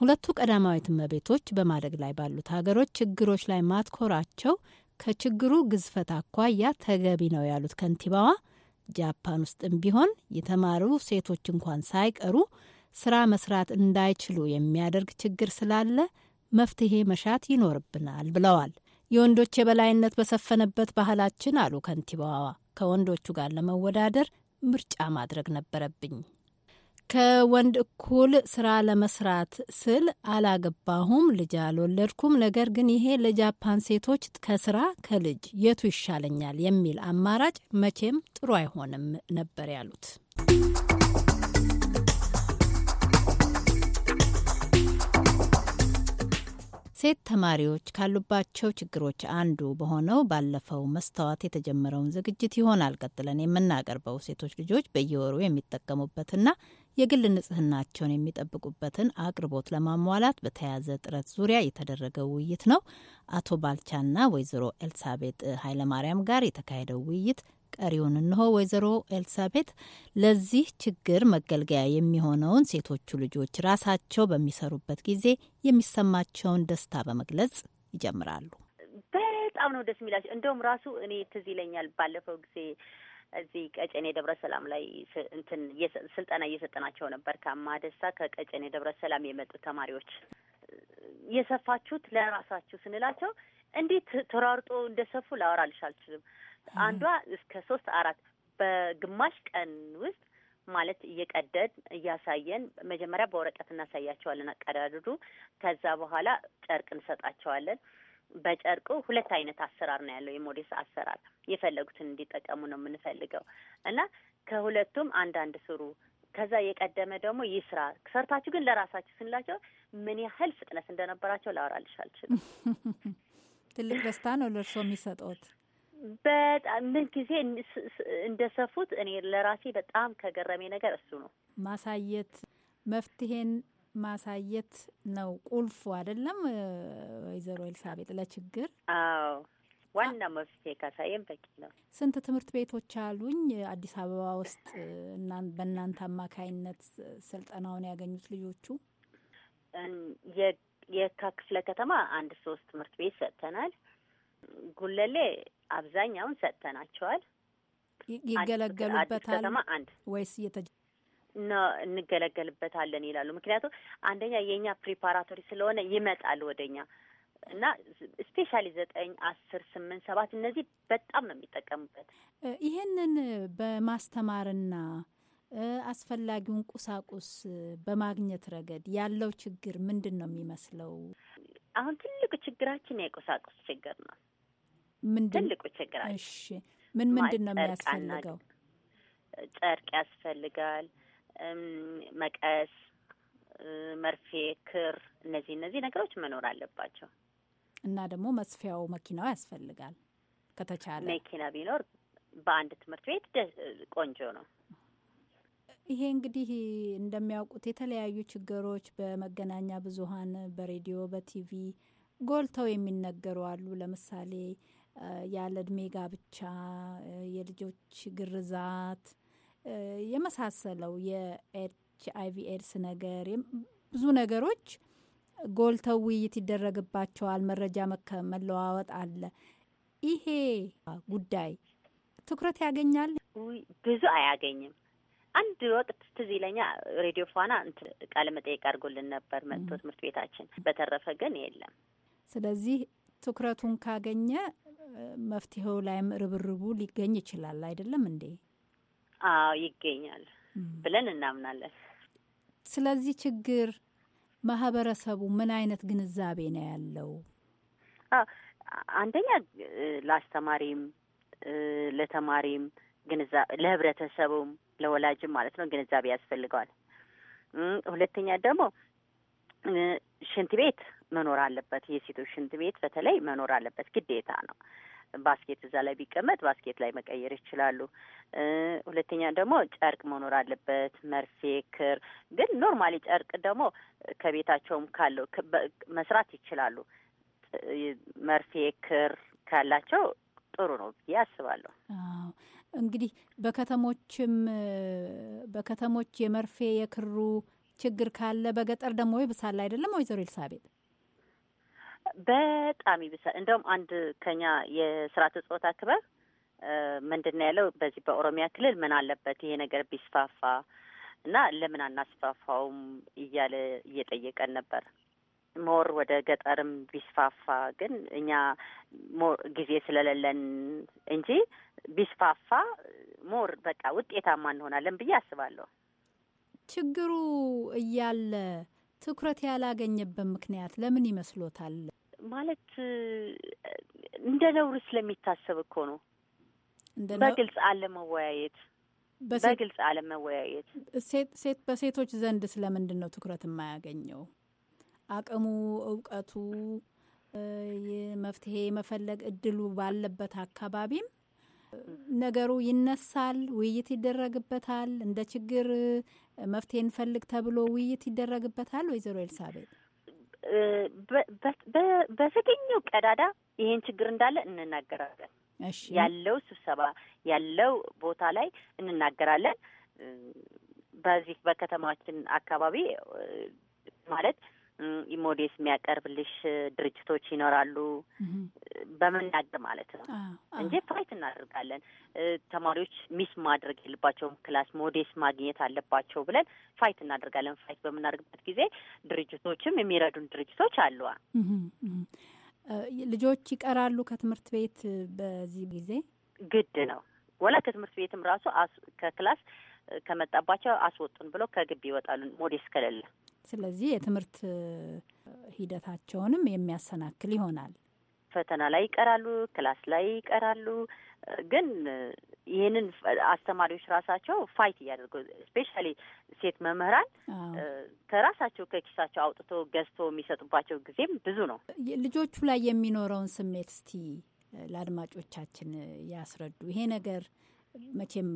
B: ሁለቱ ቀዳማዊት እመቤቶች በማደግ ላይ ባሉት ሀገሮች ችግሮች ላይ ማትኮራቸው ከችግሩ ግዝፈት አኳያ ተገቢ ነው ያሉት ከንቲባዋ፣ ጃፓን ውስጥም ቢሆን የተማሩ ሴቶች እንኳን ሳይቀሩ ስራ መስራት እንዳይችሉ የሚያደርግ ችግር ስላለ መፍትሄ መሻት ይኖርብናል ብለዋል። የወንዶች የበላይነት በሰፈነበት ባህላችን አሉ ከንቲባዋ፣ ከወንዶቹ ጋር ለመወዳደር ምርጫ ማድረግ ነበረብኝ። ከወንድ እኩል ስራ ለመስራት ስል አላገባሁም፣ ልጅ አልወለድኩም። ነገር ግን ይሄ ለጃፓን ሴቶች ከስራ ከልጅ የቱ ይሻለኛል የሚል አማራጭ መቼም ጥሩ አይሆንም ነበር ያሉት። ሴት ተማሪዎች ካሉባቸው ችግሮች አንዱ በሆነው ባለፈው መስታወት የተጀመረውን ዝግጅት ይሆናል ቀጥለን የምናቀርበው። ሴቶች ልጆች በየወሩ የሚጠቀሙበትና የግል ንጽህናቸውን የሚጠብቁበትን አቅርቦት ለማሟላት በተያያዘ ጥረት ዙሪያ የተደረገ ውይይት ነው። አቶ ባልቻና ወይዘሮ ኤልሳቤጥ ኃይለማርያም ጋር የተካሄደው ውይይት ቀሪውን እንሆ ወይዘሮ ኤልሳቤት ለዚህ ችግር መገልገያ የሚሆነውን ሴቶቹ ልጆች ራሳቸው በሚሰሩበት ጊዜ የሚሰማቸውን ደስታ በመግለጽ ይጀምራሉ።
E: በጣም ነው ደስ የሚላቸው። እንደውም ራሱ እኔ ትዝ ይለኛል ባለፈው ጊዜ እዚህ ቀጨኔ ደብረ ሰላም ላይ እንትን ስልጠና እየሰጠናቸው ነበር። ካማ ደስታ ከቀጨኔ ደብረ ሰላም የመጡ ተማሪዎች የሰፋችሁት ለራሳችሁ ስንላቸው እንዴት ተሯርጦ እንደሰፉ ላወራልሽ አልችልም። አንዷ እስከ ሶስት አራት በግማሽ ቀን ውስጥ ማለት እየቀደድ እያሳየን መጀመሪያ በወረቀት እናሳያቸዋለን አቀዳድዱ። ከዛ በኋላ ጨርቅ እንሰጣቸዋለን። በጨርቁ ሁለት አይነት አሰራር ነው ያለው። የሞዴስ አሰራር የፈለጉትን እንዲጠቀሙ ነው የምንፈልገው እና ከሁለቱም አንዳንድ ስሩ። ከዛ የቀደመ ደግሞ ይስራ። ሰርታችሁ ግን ለራሳችሁ ስንላቸው ምን ያህል ፍጥነት እንደነበራቸው ላወራልሽ አልችልም።
B: <laughs> ትልቅ ደስታ ነው ለእርስዎ የሚሰጠውት
E: በጣም ምን ጊዜ እንደሰፉት እኔ ለራሴ በጣም ከገረሜ ነገር እሱ ነው።
B: ማሳየት መፍትሄን ማሳየት ነው ቁልፉ አይደለም ወይዘሮ ኤልሳቤጥ ለችግር?
E: አዎ ዋና መፍትሄ ካሳየን በቂ ነው።
B: ስንት ትምህርት ቤቶች አሉኝ አዲስ አበባ ውስጥ በእናንተ አማካይነት
E: ስልጠናውን ያገኙት ልጆቹ? የካ ክፍለ ከተማ አንድ ሶስት ትምህርት ቤት ሰጥተናል። ጉለሌ አብዛኛውን ሰጥተናቸዋል።
B: ይገለገሉበታል ከተማ አንድ ወይስ
E: እንገለገልበታለን ይላሉ። ምክንያቱም አንደኛ የእኛ ፕሪፓራቶሪ ስለሆነ ይመጣል ወደኛ እና ስፔሻሊ ዘጠኝ አስር ስምንት ሰባት እነዚህ በጣም ነው የሚጠቀሙበት።
B: ይህንን በማስተማርና አስፈላጊውን ቁሳቁስ በማግኘት ረገድ ያለው ችግር ምንድን ነው የሚመስለው?
E: አሁን ትልቁ ችግራችን የቁሳቁስ ችግር ነው።
B: ትልቁ ችግራችን ምን ምንድን ነው የሚያስፈልገው?
E: ጨርቅ ያስፈልጋል፣ መቀስ፣ መርፌ፣ ክር፣ እነዚህ እነዚህ ነገሮች መኖር አለባቸው
B: እና ደግሞ መስፊያው መኪናው ያስፈልጋል። ከተቻለ
E: መኪና ቢኖር በአንድ ትምህርት ቤት ቆንጆ ነው።
B: ይሄ እንግዲህ እንደሚያውቁት የተለያዩ ችግሮች በመገናኛ ብዙኃን በሬዲዮ በቲቪ ጎልተው የሚነገሩ አሉ። ለምሳሌ ያለ እድሜ ጋብቻ፣ የልጆች ግርዛት የመሳሰለው የኤች አይቪ ኤድስ ነገር ብዙ ነገሮች ጎልተው ውይይት ይደረግባቸዋል። መረጃ መለዋወጥ አለ። ይሄ ጉዳይ
E: ትኩረት ያገኛል? ብዙ አያገኝም። አንድ ወቅት ትዝ ይለኛ ሬዲዮ ፋና ቃለ መጠየቅ አድርጎልን ነበር መጥቶ ትምህርት ቤታችን። በተረፈ ግን የለም።
B: ስለዚህ ትኩረቱን ካገኘ መፍትሄው ላይም ርብርቡ ሊገኝ ይችላል። አይደለም እንዴ?
E: አዎ ይገኛል ብለን እናምናለን።
B: ስለዚህ ችግር ማህበረሰቡ ምን አይነት ግንዛቤ ነው ያለው?
E: አንደኛ ለአስተማሪም ለተማሪም ግንዛቤ ለህብረተሰቡም ለወላጅም ማለት ነው ግንዛቤ ያስፈልገዋል። ሁለተኛ ደግሞ ሽንት ቤት መኖር አለበት። የሴቶች ሽንት ቤት በተለይ መኖር አለበት፣ ግዴታ ነው። ባስኬት እዛ ላይ ቢቀመጥ ባስኬት ላይ መቀየር ይችላሉ። ሁለተኛ ደግሞ ጨርቅ መኖር አለበት፣ መርፌ፣ ክር። ግን ኖርማሊ ጨርቅ ደግሞ ከቤታቸውም ካለው መስራት ይችላሉ። መርፌ፣ ክር ካላቸው ጥሩ ነው ብዬ አስባለሁ።
B: እንግዲህ በከተሞችም በከተሞች የመርፌ የክሩ ችግር ካለ በገጠር ደግሞ ይብሳል አይደለም ወይዘሮ ኤልሳቤጥ?
E: በጣም ይብሳል። እንደውም አንድ ከኛ የስርዓተ ጾታ ክበብ ምንድን ነው ያለው በዚህ በኦሮሚያ ክልል ምን አለበት ይሄ ነገር ቢስፋፋ እና ለምን አናስፋፋውም እያለ እየጠየቀን ነበር። ሞር ወደ ገጠርም ቢስፋፋ ግን እኛ ሞር ጊዜ ስለሌለን እንጂ ቢስፋፋ ሞር በቃ ውጤታማ እንሆናለን ብዬ አስባለሁ።
B: ችግሩ እያለ ትኩረት ያላገኘበት ምክንያት ለምን ይመስሎታል?
E: ማለት እንደ ነውር ስለሚታሰብ እኮ ነው። በግልጽ አለመወያየት በግልጽ አለመወያየት ሴት
B: በሴቶች ዘንድ ስለምንድን ነው ትኩረት የማያገኘው? አቅሙ፣ እውቀቱ፣ መፍትሄ የመፈለግ እድሉ ባለበት አካባቢም ነገሩ ይነሳል፣ ውይይት ይደረግበታል። እንደ ችግር መፍትሄ እንፈልግ ተብሎ ውይይት ይደረግበታል። ወይዘሮ ኤልሳቤጥ
E: በተገኘው ቀዳዳ ይሄን ችግር እንዳለ እንናገራለን። ያለው ስብሰባ ያለው ቦታ ላይ እንናገራለን። በዚህ በከተማችን አካባቢ ማለት ኢሞዴስ የሚያቀርብልሽ ድርጅቶች ይኖራሉ። በመናገር ማለት ነው እንጂ ፋይት እናደርጋለን። ተማሪዎች ሚስ ማድረግ የለባቸውም፣ ክላስ ሞዴስ ማግኘት አለባቸው ብለን ፋይት እናደርጋለን። ፋይት በምናደርግበት ጊዜ ድርጅቶችም የሚረዱን ድርጅቶች አሉ።
B: ልጆች ይቀራሉ ከትምህርት ቤት በዚህ ጊዜ ግድ
E: ነው ወላ ከትምህርት ቤትም ራሱ ከክላስ ከመጣባቸው አስወጡን ብሎ ከግቢ ይወጣሉ ሞዴስ ከሌለ
B: ስለዚህ የትምህርት ሂደታቸውንም የሚያሰናክል ይሆናል።
E: ፈተና ላይ ይቀራሉ፣ ክላስ ላይ ይቀራሉ። ግን ይህንን አስተማሪዎች ራሳቸው ፋይት እያደርጉ ስፔሻሊ ሴት መምህራን ከራሳቸው ከኪሳቸው አውጥቶ ገዝቶ የሚሰጡባቸው ጊዜም ብዙ ነው።
B: ልጆቹ ላይ የሚኖረውን ስሜት እስቲ ለአድማጮቻችን ያስረዱ። ይሄ ነገር መቼም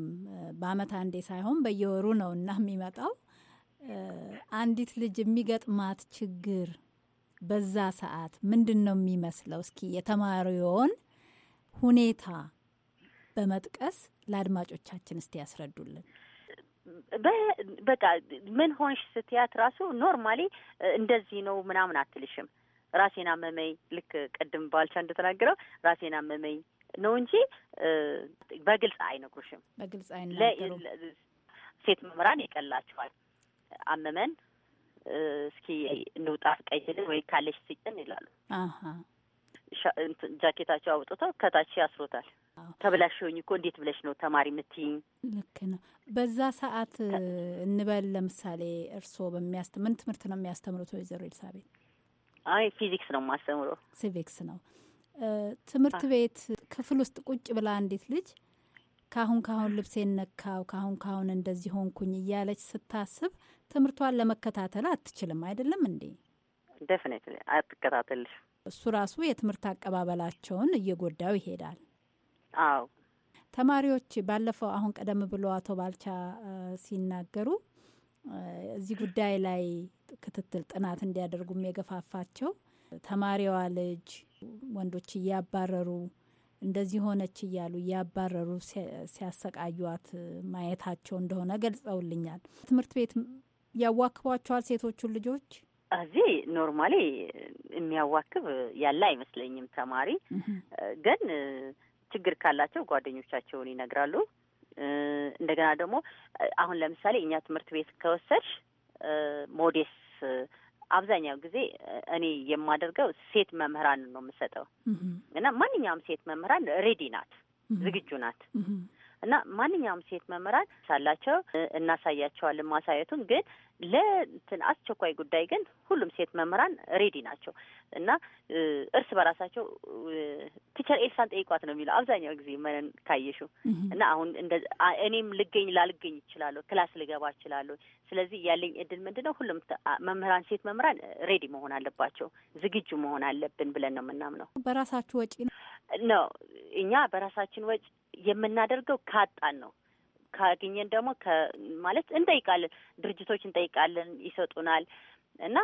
B: በአመት አንዴ ሳይሆን በየወሩ ነው እና የሚመጣው አንዲት ልጅ የሚገጥማት ችግር በዛ ሰዓት ምንድን ነው የሚመስለው? እስኪ የተማሪውን ሁኔታ በመጥቀስ ለአድማጮቻችን እስቲ ያስረዱልን።
E: በቃ ምን ሆንሽ ስትያት ራሱ ኖርማሊ እንደዚህ ነው ምናምን አትልሽም። ራሴን አመመኝ፣ ልክ ቅድም ባልቻ እንደተናገረው ራሴን አመመኝ ነው እንጂ በግልጽ አይነግሩሽም። በግልጽ ሴት መምህራን ይቀላቸዋል። አመመን እስኪ እንውጣ አስቀይልን ወይ ካለሽ ስጭን ይላሉ። ጃኬታቸው አውጥተው ከታች ያስሮታል። ተብላሽውኝ እኮ እንዴት ብለሽ ነው ተማሪ የምትይኝ?
B: ልክ ነው። በዛ ሰዓት እንበል ለምሳሌ እርስዎ በሚያስተ ምን ትምህርት ነው የሚያስተምሩት ወይዘሮ ኤልሳቤት?
E: አይ ፊዚክስ ነው የማስተምረው።
B: ሲቪክስ ነው። ትምህርት ቤት ክፍል ውስጥ ቁጭ ብላ እንዴት ልጅ ካሁን ካሁን ልብሴን ነካው፣ ካሁን ካሁን እንደዚህ ሆንኩኝ እያለች ስታስብ ትምህርቷን ለመከታተል አትችልም። አይደለም እንዴ?
E: ደፍኔትሊ አትከታተልሽ።
B: እሱ ራሱ የትምህርት አቀባበላቸውን እየጎዳው ይሄዳል። አዎ ተማሪዎች ባለፈው አሁን ቀደም ብሎ አቶ ባልቻ ሲናገሩ እዚህ ጉዳይ ላይ ክትትል ጥናት እንዲያደርጉም የገፋፋቸው ተማሪዋ ልጅ ወንዶች እያባረሩ እንደዚህ ሆነች እያሉ እያባረሩ ሲያሰቃዩት ማየታቸው እንደሆነ ገልጸውልኛል። ትምህርት ቤት ያዋክቧቸዋል ሴቶቹን ልጆች
E: እዚህ ኖርማሊ የሚያዋክብ ያለ አይመስለኝም። ተማሪ ግን ችግር ካላቸው ጓደኞቻቸውን ይነግራሉ። እንደገና ደግሞ አሁን ለምሳሌ እኛ ትምህርት ቤት ከወሰድሽ ሞዴስ አብዛኛው ጊዜ እኔ የማደርገው ሴት መምህራን ነው የምሰጠው እና ማንኛውም ሴት መምህራን ሬዲ ናት፣ ዝግጁ ናት። እና ማንኛውም ሴት መምህራን ሳላቸው እናሳያቸዋለን። ማሳየቱን ግን ለእንትን አስቸኳይ ጉዳይ ግን ሁሉም ሴት መምህራን ሬዲ ናቸው እና እርስ በራሳቸው ቲቸር ኤልሳን ጠይቋት ነው የሚለው አብዛኛው ጊዜ መን ካየሹ እና አሁን እኔም ልገኝ ላልገኝ ይችላለሁ፣ ክላስ ልገባ ይችላለሁ። ስለዚህ ያለኝ እድል ምንድን ነው? ሁሉም መምህራን ሴት መምህራን ሬዲ መሆን አለባቸው፣ ዝግጁ መሆን አለብን ብለን ነው የምናምነው። በራሳችሁ ወጪ ነው እኛ በራሳችን ወጪ የምናደርገው ካጣን ነው። ካገኘን ደግሞ ማለት እንጠይቃለን፣ ድርጅቶች እንጠይቃለን፣ ይሰጡናል እና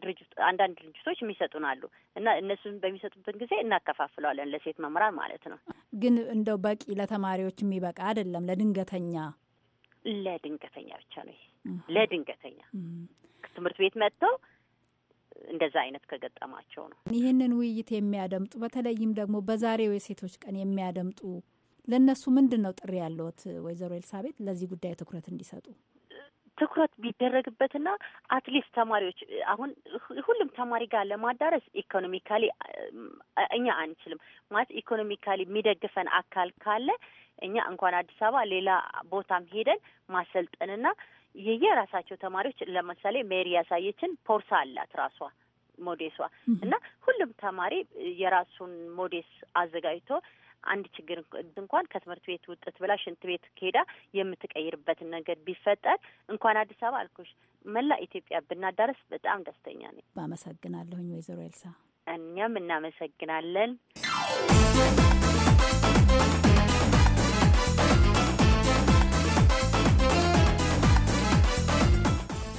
E: ድርጅት አንዳንድ ድርጅቶች የሚሰጡን አሉ እና እነሱን በሚሰጡበት ጊዜ እናከፋፍለዋለን ለሴት መምህራን ማለት ነው።
B: ግን እንደው በቂ ለተማሪዎች የሚበቃ አይደለም። ለድንገተኛ
E: ለድንገተኛ ብቻ ነው። ለድንገተኛ ትምህርት ቤት መጥተው እንደዛ አይነት ከገጠማቸው ነው።
B: ይህንን ውይይት የሚያደምጡ በተለይም ደግሞ በዛሬው የሴቶች ቀን የሚያደምጡ ለእነሱ ምንድን ነው ጥሪ ያለዎት ወይዘሮ ኤልሳቤት ለዚህ ጉዳይ ትኩረት እንዲሰጡ?
E: ትኩረት ቢደረግበትና አትሊስት ተማሪዎች አሁን ሁሉም ተማሪ ጋር ለማዳረስ ኢኮኖሚካሊ እኛ አንችልም ማለት ኢኮኖሚካሊ የሚደግፈን አካል ካለ እኛ እንኳን አዲስ አበባ ሌላ ቦታም ሄደን ማሰልጠንና የየራሳቸው ተማሪዎች ለምሳሌ ሜሪ ያሳየችን ፖርሳ አላት ራሷ ሞዴሷ እና ሁሉም ተማሪ የራሱን ሞዴስ አዘጋጅቶ አንድ ችግር እንኳን ከትምህርት ቤት ውጥት ብላ ሽንት ቤት ከሄዳ የምትቀይርበትን ነገር ቢፈጠር እንኳን አዲስ አበባ አልኩሽ መላ ኢትዮጵያ ብናዳረስ በጣም ደስተኛ ነኝ። አመሰግናለሁኝ ወይዘሮ ኤልሳ። እኛም እናመሰግናለን።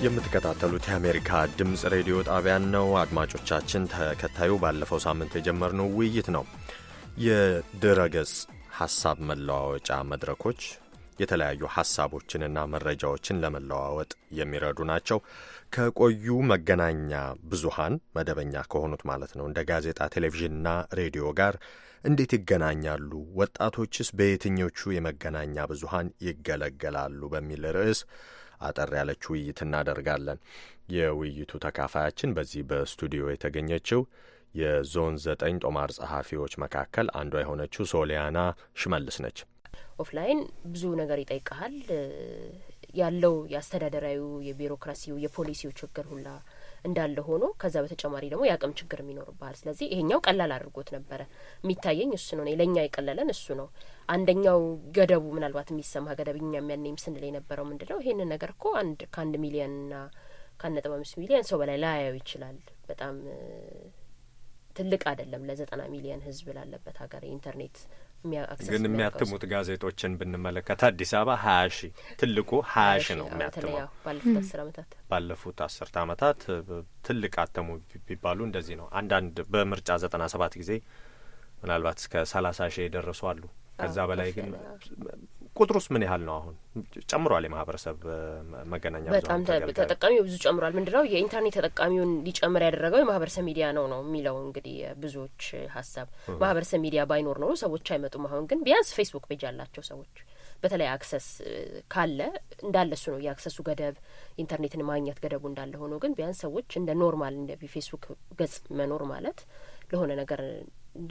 A: የምትከታተሉት የአሜሪካ ድምፅ ሬዲዮ ጣቢያን ነው። አድማጮቻችን፣ ተከታዩ ባለፈው ሳምንት የጀመርነው ውይይት ነው። የድረገጽ ሐሳብ መለዋወጫ መድረኮች የተለያዩ ሐሳቦችንና መረጃዎችን ለመለዋወጥ የሚረዱ ናቸው። ከቆዩ መገናኛ ብዙሃን መደበኛ ከሆኑት ማለት ነው እንደ ጋዜጣ፣ ቴሌቪዥንና ሬዲዮ ጋር እንዴት ይገናኛሉ? ወጣቶችስ በየትኞቹ የመገናኛ ብዙሃን ይገለገላሉ? በሚል ርዕስ አጠር ያለች ውይይት እናደርጋለን። የውይይቱ ተካፋያችን በዚህ በስቱዲዮ የተገኘችው የዞን ዘጠኝ ጦማር ጸሐፊዎች መካከል አንዷ የሆነችው ሶሊያና ሽመልስ ነች።
I: ኦፍላይን ብዙ ነገር ይጠይቀሃል። ያለው የአስተዳደራዊ የቢሮክራሲው የፖሊሲው ችግር ሁላ እንዳለ ሆኖ ከዛ በተጨማሪ ደግሞ የአቅም ችግር የሚኖርብሃል። ስለዚህ ይሄኛው ቀላል አድርጎት ነበረ የሚታየኝ እሱ ነው። ለእኛ የቀለለን እሱ ነው። አንደኛው ገደቡ ምናልባት የሚሰማ እኛ የሚያነኝም ስንል የነበረው ምንድ ነው ይሄንን ነገር እኮ አንድ ከአንድ ሚሊዮንና ከአንድ ነጥብ አምስት ሚሊዮን ሰው በላይ ላያየው ይችላል። በጣም ትልቅ አይደለም ለዘጠና ሚሊየን ህዝብ ላለበት ሀገር ኢንተርኔት ግን የሚያትሙት
A: ጋዜጦችን ብንመለከት አዲስ አበባ ሀያ ሺ ትልቁ ሀያ ሺ ነው የሚያትመው። ባለፉት አስር አመታት አስርት አመታት ትልቅ አተሙ ቢባሉ እንደዚህ ነው። አንዳንድ በምርጫ ዘጠና ሰባት ጊዜ ምናልባት እስከ ሰላሳ ሺ የደረሱ አሉ። ከዛ በላይ ግን ቁጥሩስ ምን ያህል ነው? አሁን ጨምሯል። የማህበረሰብ መገናኛ በጣም ተጠቃሚ
I: ብዙ ጨምሯል። ምንድነው የኢንተርኔት ተጠቃሚውን ሊጨምር ያደረገው የማህበረሰብ ሚዲያ ነው ነው የሚለው እንግዲህ ብዙዎች ሀሳብ። ማህበረሰብ ሚዲያ ባይኖር ኖሮ ሰዎች አይመጡም። አሁን ግን ቢያንስ ፌስቡክ ፔጅ ያላቸው ሰዎች በተለይ አክሰስ ካለ እንዳለ እሱ ነው የአክሰሱ ገደብ ኢንተርኔትን ማግኘት ገደቡ እንዳለ ሆኖ ግን ቢያንስ ሰዎች እንደ ኖርማል እንደ ፌስቡክ ገጽ መኖር ማለት ለሆነ ነገር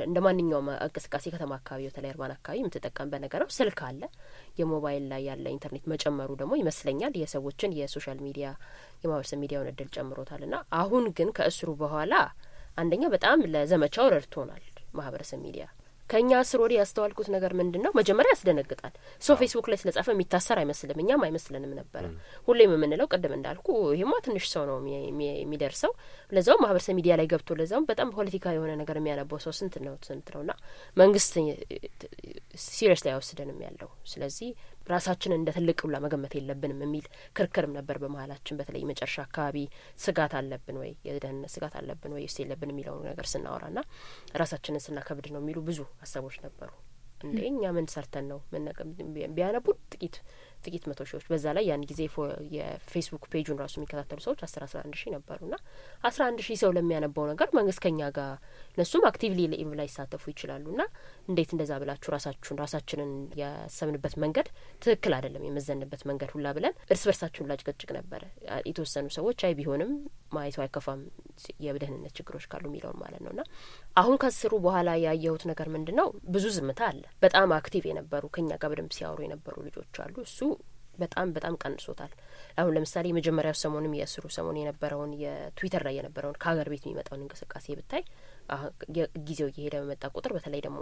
I: እንደ ማንኛውም እንቅስቃሴ ከተማ አካባቢ በተለይ እርባን አካባቢ የምትጠቀምበት ነገር ነው። ስልክ አለ፣ የሞባይል ላይ ያለ ኢንተርኔት መጨመሩ ደግሞ ይመስለኛል የሰዎችን የሶሻል ሚዲያ የማህበረሰብ ሚዲያውን እድል ጨምሮታል። ና አሁን ግን ከእስሩ በኋላ አንደኛ በጣም ለዘመቻው ረድቶናል ማህበረሰብ ሚዲያ ከእኛ ስር ወዲህ ያስተዋልኩት ነገር ምንድን ነው? መጀመሪያ ያስደነግጣል። ሰው ፌስቡክ ላይ ስለጻፈ የሚታሰር አይመስልም፣ እኛም አይመስለንም ነበረ። ሁሌም የምንለው ቅድም እንዳልኩ ይሄማ ትንሽ ሰው ነው የሚደርሰው፣ ለዛውም ማህበረሰብ ሚዲያ ላይ ገብቶ ለዛውም በጣም ፖለቲካ የሆነ ነገር የሚያነባው ሰው ስንት ነው ስንት ነው። ና መንግስት ሲሪየስ ላይ አይወስደንም ያለው ስለዚህ ራሳችንን እንደ ትልቅ ብላ መገመት የለብንም የሚል ክርክርም ነበር በመሀላችን። በተለይ መጨረሻ አካባቢ ስጋት አለብን ወይ የደህንነት ስጋት አለብን ወይ ስ የለብን የሚለው ነገር ስናወራ ና ራሳችንን ስናከብድ ነው የሚሉ ብዙ ሀሳቦች ነበሩ። እንዴ እኛ ምን ሰርተን ነው ምን ቢያነቡን ጥቂት ጥቂት መቶ ሺዎች በዛ ላይ ያን ጊዜ የፌስቡክ ፔጁን ራሱ የሚከታተሉ ሰዎች አስር አስራ አንድ ሺህ ነበሩ ና አስራ አንድ ሺህ ሰው ለሚያነባው ነገር መንግስት ከኛ ጋር እነሱም አክቲቭሊ ለኢም ላይ ይሳተፉ ይችላሉ ና እንዴት እንደዛ ብላችሁ ራሳችሁን ራሳችንን ያሰምንበት መንገድ ትክክል አይደለም የመዘንበት መንገድ ሁላ ብለን እርስ በርሳችሁን ሁላ ነበረ። የተወሰኑ ሰዎች አይ ቢሆንም ማየቱ አይከፋም የደህንነት ችግሮች ካሉ የሚለውን ማለት ነው ና አሁን ከስሩ በኋላ ያየሁት ነገር ምንድን ነው? ብዙ ዝምታ አለ። በጣም አክቲቭ የነበሩ ከኛ ጋር በደንብ ሲያወሩ የነበሩ ልጆች አሉ። እሱ በጣም በጣም ቀንሶታል። አሁን ለምሳሌ የመጀመሪያው ሰሞንም የእስሩ ሰሞን የነበረውን የትዊተር ላይ የነበረውን ከሀገር ቤት የሚመጣውን እንቅስቃሴ ብታይ ጊዜው እየሄደ በመጣ ቁጥር በተለይ ደግሞ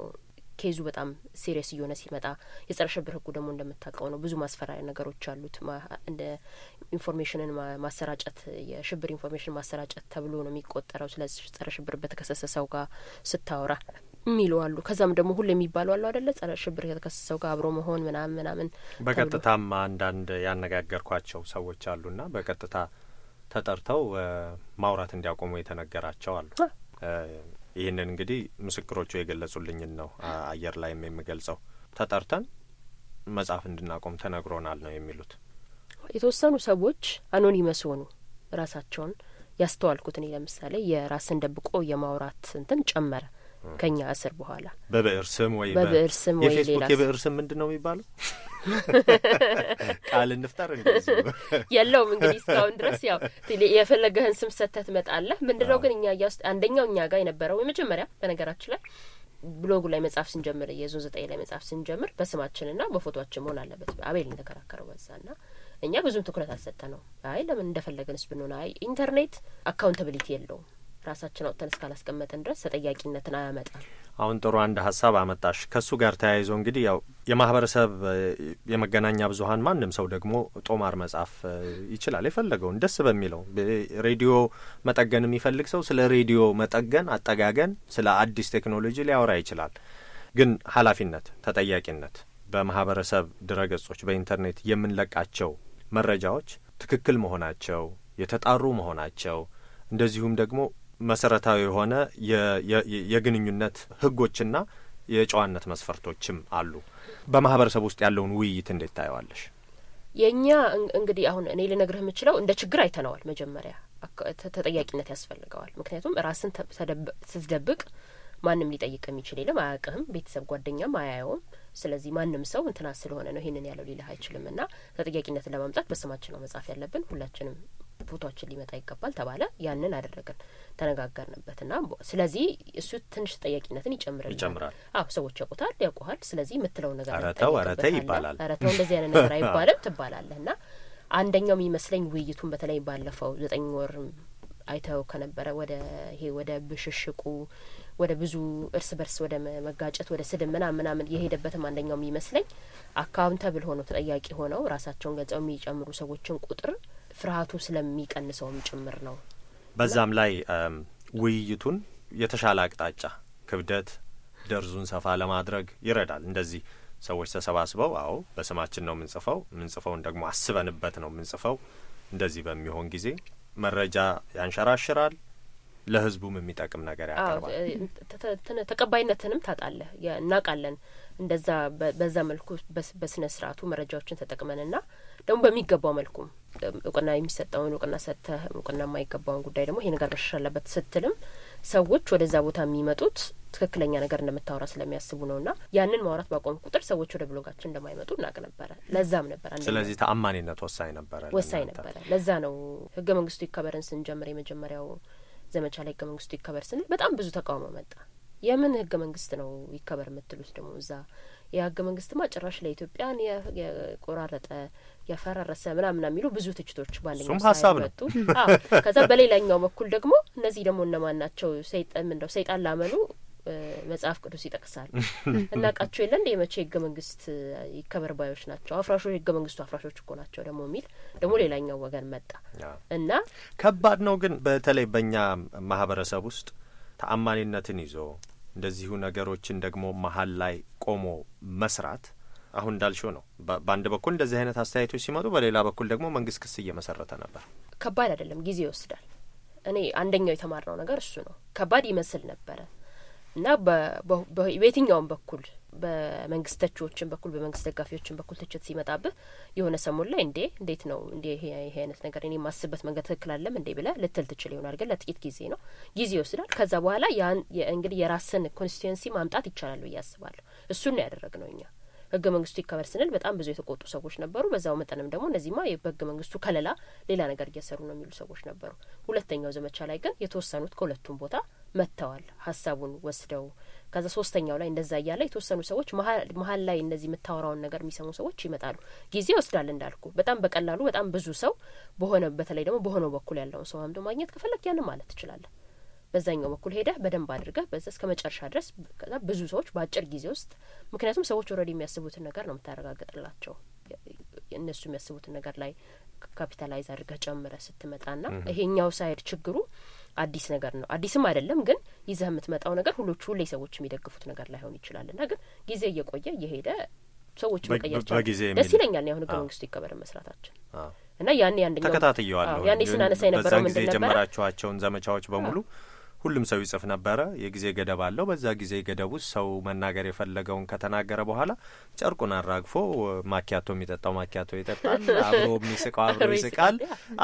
I: ኬዙ በጣም ሲሪየስ እየሆነ ሲመጣ የጸረ ሽብር ደግሞ እንደምታውቀው ነው ብዙ ማስፈራሪያ ነገሮች አሉት። እንደ ኢንፎርሜሽንን ማሰራጨት የሽብር ኢንፎርሜሽን ማሰራጨት ተብሎ ነው የሚቆጠረው። ስለዚህ ጸረ ሽብር በተከሰሰ ሰው ጋር ስታወራ የሚሉ አሉ። ከዛም ደግሞ ሁሉ የሚባሉ አሉ አደለ? ጸረ ሽብር ከተከሰሰ ሰው ጋር አብሮ መሆን ምናምን ምናምን። በቀጥታም
A: አንዳንድ ያነጋገርኳቸው ሰዎች አሉና በቀጥታ ተጠርተው ማውራት እንዲያቆሙ የተነገራቸው አሉ። ይህንን እንግዲህ ምስክሮቹ የገለጹልኝን ነው አየር ላይም የምገልጸው። ተጠርተን መጽሐፍ እንድናቆም ተነግሮናል ነው የሚሉት።
I: የተወሰኑ ሰዎች አኖኒመስ ሆኑ። ራሳቸውን ያስተዋልኩት እኔ ለምሳሌ የራስን ደብቆ የማውራት እንትን ጨመረ ከኛ እስር በኋላ በብዕር
A: ስም ወይ በብዕር ስም ወይ ሌላ የብዕር ስም ምንድን ነው የሚባለው?
I: ቃል እንፍጠር የለውም እንግዲህ እስካሁን ድረስ ያው የፈለገህን ስም ሰተት ትመጣለህ። ምንድን ነው ግን እኛ እያ ውስጥ አንደኛው እኛ ጋር የነበረው የመጀመሪያ በነገራችን ላይ ብሎጉ ላይ መጽሐፍ ስንጀምር የዞን ዘጠኝ ላይ መጽሐፍ ስንጀምር በስማችንና በፎቶችን መሆን አለበት አቤል እንደከራከረው በዛና እኛ ብዙም ትኩረት አልሰጠ ነው። አይ ለምን እንደፈለገንስ ብንሆን፣ አይ ኢንተርኔት አካውንታብሊቲ የለውም ራሳችን አውጥተን እስካላስቀመጠን ድረስ ተጠያቂነትን አያመጣም።
A: አሁን ጥሩ አንድ ሀሳብ አመጣሽ። ከእሱ ጋር ተያይዞ እንግዲህ ያው የማህበረሰብ የመገናኛ ብዙኃን ማንም ሰው ደግሞ ጦማር መጻፍ ይችላል የፈለገውን ደስ በሚለው ሬዲዮ መጠገን የሚፈልግ ሰው ስለ ሬዲዮ መጠገን፣ አጠጋገን፣ ስለ አዲስ ቴክኖሎጂ ሊያወራ ይችላል። ግን ኃላፊነት፣ ተጠያቂነት በማህበረሰብ ድረገጾች በኢንተርኔት የምንለቃቸው መረጃዎች ትክክል መሆናቸው የተጣሩ መሆናቸው እንደዚሁም ደግሞ መሰረታዊ የሆነ የግንኙነት ህጎችና የጨዋነት መስፈርቶችም አሉ። በማህበረሰብ ውስጥ ያለውን ውይይት እንዴት ታየዋለሽ?
I: የእኛ እንግዲህ አሁን እኔ ልነግርህ የምችለው እንደ ችግር አይተነዋል። መጀመሪያ ተጠያቂነት ያስፈልገዋል። ምክንያቱም ራስን ስትደብቅ ማንም ሊጠይቅ የሚችል የለም። አያውቅህም። ቤተሰብ ጓደኛም አያየውም። ስለዚህ ማንም ሰው እንትና ስለሆነ ነው ይህንን ያለው ሊልህ አይችልም። ና ተጠያቂነትን ለማምጣት በስማችን ነው መጻፍ ያለብን ሁላችንም ፎቶችን ሊመጣ ይገባል ተባለ። ያንን አደረግን፣ ተነጋገርንበት ና ስለዚህ እሱ ትንሽ ተጠያቂነትን ይጨምርል ይጨምራል። አዎ ሰዎች ያውቁታል፣ ያውቁሃል። ስለዚህ የምትለው ነገር ይባላል። እንደዚህ አይነት ነገር አይባልም ትባላለህ። ና አንደኛው የሚመስለኝ ውይይቱን በተለይ ባለፈው ዘጠኝ ወር አይተው ከነበረ ወደ ይሄ ወደ ብሽሽቁ ወደ ብዙ እርስ በርስ ወደ መጋጨት ወደ ስድብ ምናምን ምናምን የሄደበትም አንደኛው የሚመስለኝ አካውንተብል ሆኖ ተጠያቂ ሆነው ራሳቸውን ገልጸው የሚጨምሩ ሰዎችን ቁጥር ፍርሀቱ ስለሚቀንሰውም ጭምር ነው።
A: በዛም ላይ ውይይቱን የተሻለ አቅጣጫ ክብደት ደርዙን ሰፋ ለማድረግ ይረዳል። እንደዚህ ሰዎች ተሰባስበው አዎ በስማችን ነው የምንጽፈው፣ የምንጽፈውን ደግሞ አስበንበት ነው የምንጽፈው። እንደዚህ በሚሆን ጊዜ መረጃ ያንሸራሽራል፣ ለህዝቡም የሚጠቅም ነገር ያቀርባል።
I: ተቀባይነትንም ታጣለህ። እናውቃለን እንደዛ በዛ መልኩ በስነ ስርአቱ መረጃዎችን ና ደግሞ በሚገባው መልኩም እውቅና የሚሰጠውን እውቅና ሰጥተህ እውቅና የማይገባውን ጉዳይ ደግሞ ይሄ ነገር መሻሻል አለበት ስትልም ሰዎች ወደዛ ቦታ የሚመጡት ትክክለኛ ነገር እንደምታወራ ስለሚያስቡ ነው እና ያንን ማውራት ባቆም ቁጥር ሰዎች ወደ ብሎጋችን እንደማይመጡ እናቅ ነበረ። ለዛም ነበር አንድ ስለዚህ
A: ተአማኒነት ወሳኝ ነበረ ወሳኝ ነበረ።
I: ለዛ ነው ህገ መንግስቱ ይከበርን ስንጀምር የመጀመሪያው ዘመቻ ላይ ህገ መንግስቱ ይከበር ስንል በጣም ብዙ ተቃውሞ መጣ። የምን ህገ መንግስት ነው ይከበር የምትሉት? ደግሞ እዛ የህገ መንግስትማ ጭራሽ ለኢትዮጵያን የቆራረጠ የፈረረሰ ምናምን የሚሉ ብዙ ትችቶች በአንደኛው ሀሳብ ነው። ከዛ በሌላኛው በኩል ደግሞ እነዚህ ደግሞ እነማን ናቸው? ምንደው ሰይጣን ላመኑ መጽሐፍ ቅዱስ ይጠቅሳል። እናቃቸው የለ እንደ የመቼ ህገ መንግስት ይከበር ባዮች ናቸው አፍራሾች፣ ህገ መንግስቱ አፍራሾች እኮ ናቸው ደግሞ የሚል ደግሞ ሌላኛው ወገን መጣ እና
A: ከባድ ነው። ግን በተለይ በእኛ ማህበረሰብ ውስጥ ተአማኒነትን ይዞ እንደዚሁ ነገሮችን ደግሞ መሀል ላይ ቆሞ መስራት አሁን እንዳልሽው ነው። በአንድ በኩል እንደዚህ አይነት አስተያየቶች ሲመጡ፣ በሌላ በኩል ደግሞ መንግስት ክስ እየመሰረተ ነበር።
I: ከባድ አይደለም፣ ጊዜ ይወስዳል። እኔ አንደኛው የተማርነው ነገር እሱ ነው። ከባድ ይመስል ነበረ እና በየትኛውም በኩል በመንግስት ተቺዎችን በኩል በመንግስት ደጋፊዎችን በኩል ትችት ሲመጣብህ የሆነ ሰሞን ላይ እንዴ እንዴት ነው እንዴ ይሄ አይነት ነገር እኔ የማስብበት መንገድ ትክክል አለም እንዴ ብለ ልትል ትችል ይሆናል። ግን ለጥቂት ጊዜ ነው ጊዜ ይወስዳል። ከዛ በኋላ ያን እንግዲህ የራስን ኮንስቲትዌንሲ ማምጣት ይቻላል ብዬ አስባለሁ። እሱን ነው ያደረግ ነው እኛ ህገ መንግስቱ ይከበር ስንል በጣም ብዙ የተቆጡ ሰዎች ነበሩ። በዛው መጠንም ደግሞ እነዚህማ በህገ መንግስቱ ከለላ ሌላ ነገር እየሰሩ ነው የሚሉ ሰዎች ነበሩ። ሁለተኛው ዘመቻ ላይ ግን የተወሰኑት ከሁለቱም ቦታ መጥተዋል ሀሳቡን ወስደው ከዛ ሶስተኛው ላይ እንደዛ እያለ የተወሰኑ ሰዎች መሀል ላይ እነዚህ የምታወራውን ነገር የሚሰሙ ሰዎች ይመጣሉ። ጊዜ ይወስዳል እንዳልኩ በጣም በቀላሉ በጣም ብዙ ሰው በሆነ በተለይ ደግሞ በሆነው በኩል ያለውን ሰው አምዶ ማግኘት ከፈለግ ያንን ማለት ትችላለን። በዛኛው በኩል ሄደህ በደንብ አድርገህ በዛ እስከ መጨረሻ ድረስ ከዛ ብዙ ሰዎች በአጭር ጊዜ ውስጥ ምክንያቱም ሰዎች ኦልሬዲ የሚያስቡትን ነገር ነው የምታረጋግጥላቸው እነሱ የሚያስቡትን ነገር ላይ ካፒታላይዝ አድርገህ ጨምረ ስትመጣ ና ይሄኛው ሳይድ ችግሩ አዲስ ነገር ነው። አዲስም አይደለም ግን ይዘህ የምትመጣው ነገር ሁሎቹ ሁሌ ሰዎች የሚደግፉት ነገር ላይሆን ይችላል ና ግን ጊዜ እየቆየ እየሄደ ሰዎች መቀየርቻል ደስ ይለኛል። ያሁን ህገ መንግስቱ ይከበር መስራታችን እና ያኔ አንደኛው ተከታትየዋለሁ ያኔ ስናነሳ የነበረው ምንድን ነበረ
A: ጊዜ ዘመቻዎች በሙሉ ሁሉም ሰው ይጽፍ ነበረ። የጊዜ ገደብ አለው። በዛ ጊዜ ገደብ ውስጥ ሰው መናገር የፈለገውን ከተናገረ በኋላ ጨርቁን አራግፎ ማኪያቶ የሚጠጣው ማኪያቶ ይጠጣል፣ <laughs> አብሮ የሚስቀው አብሮ ይስቃል።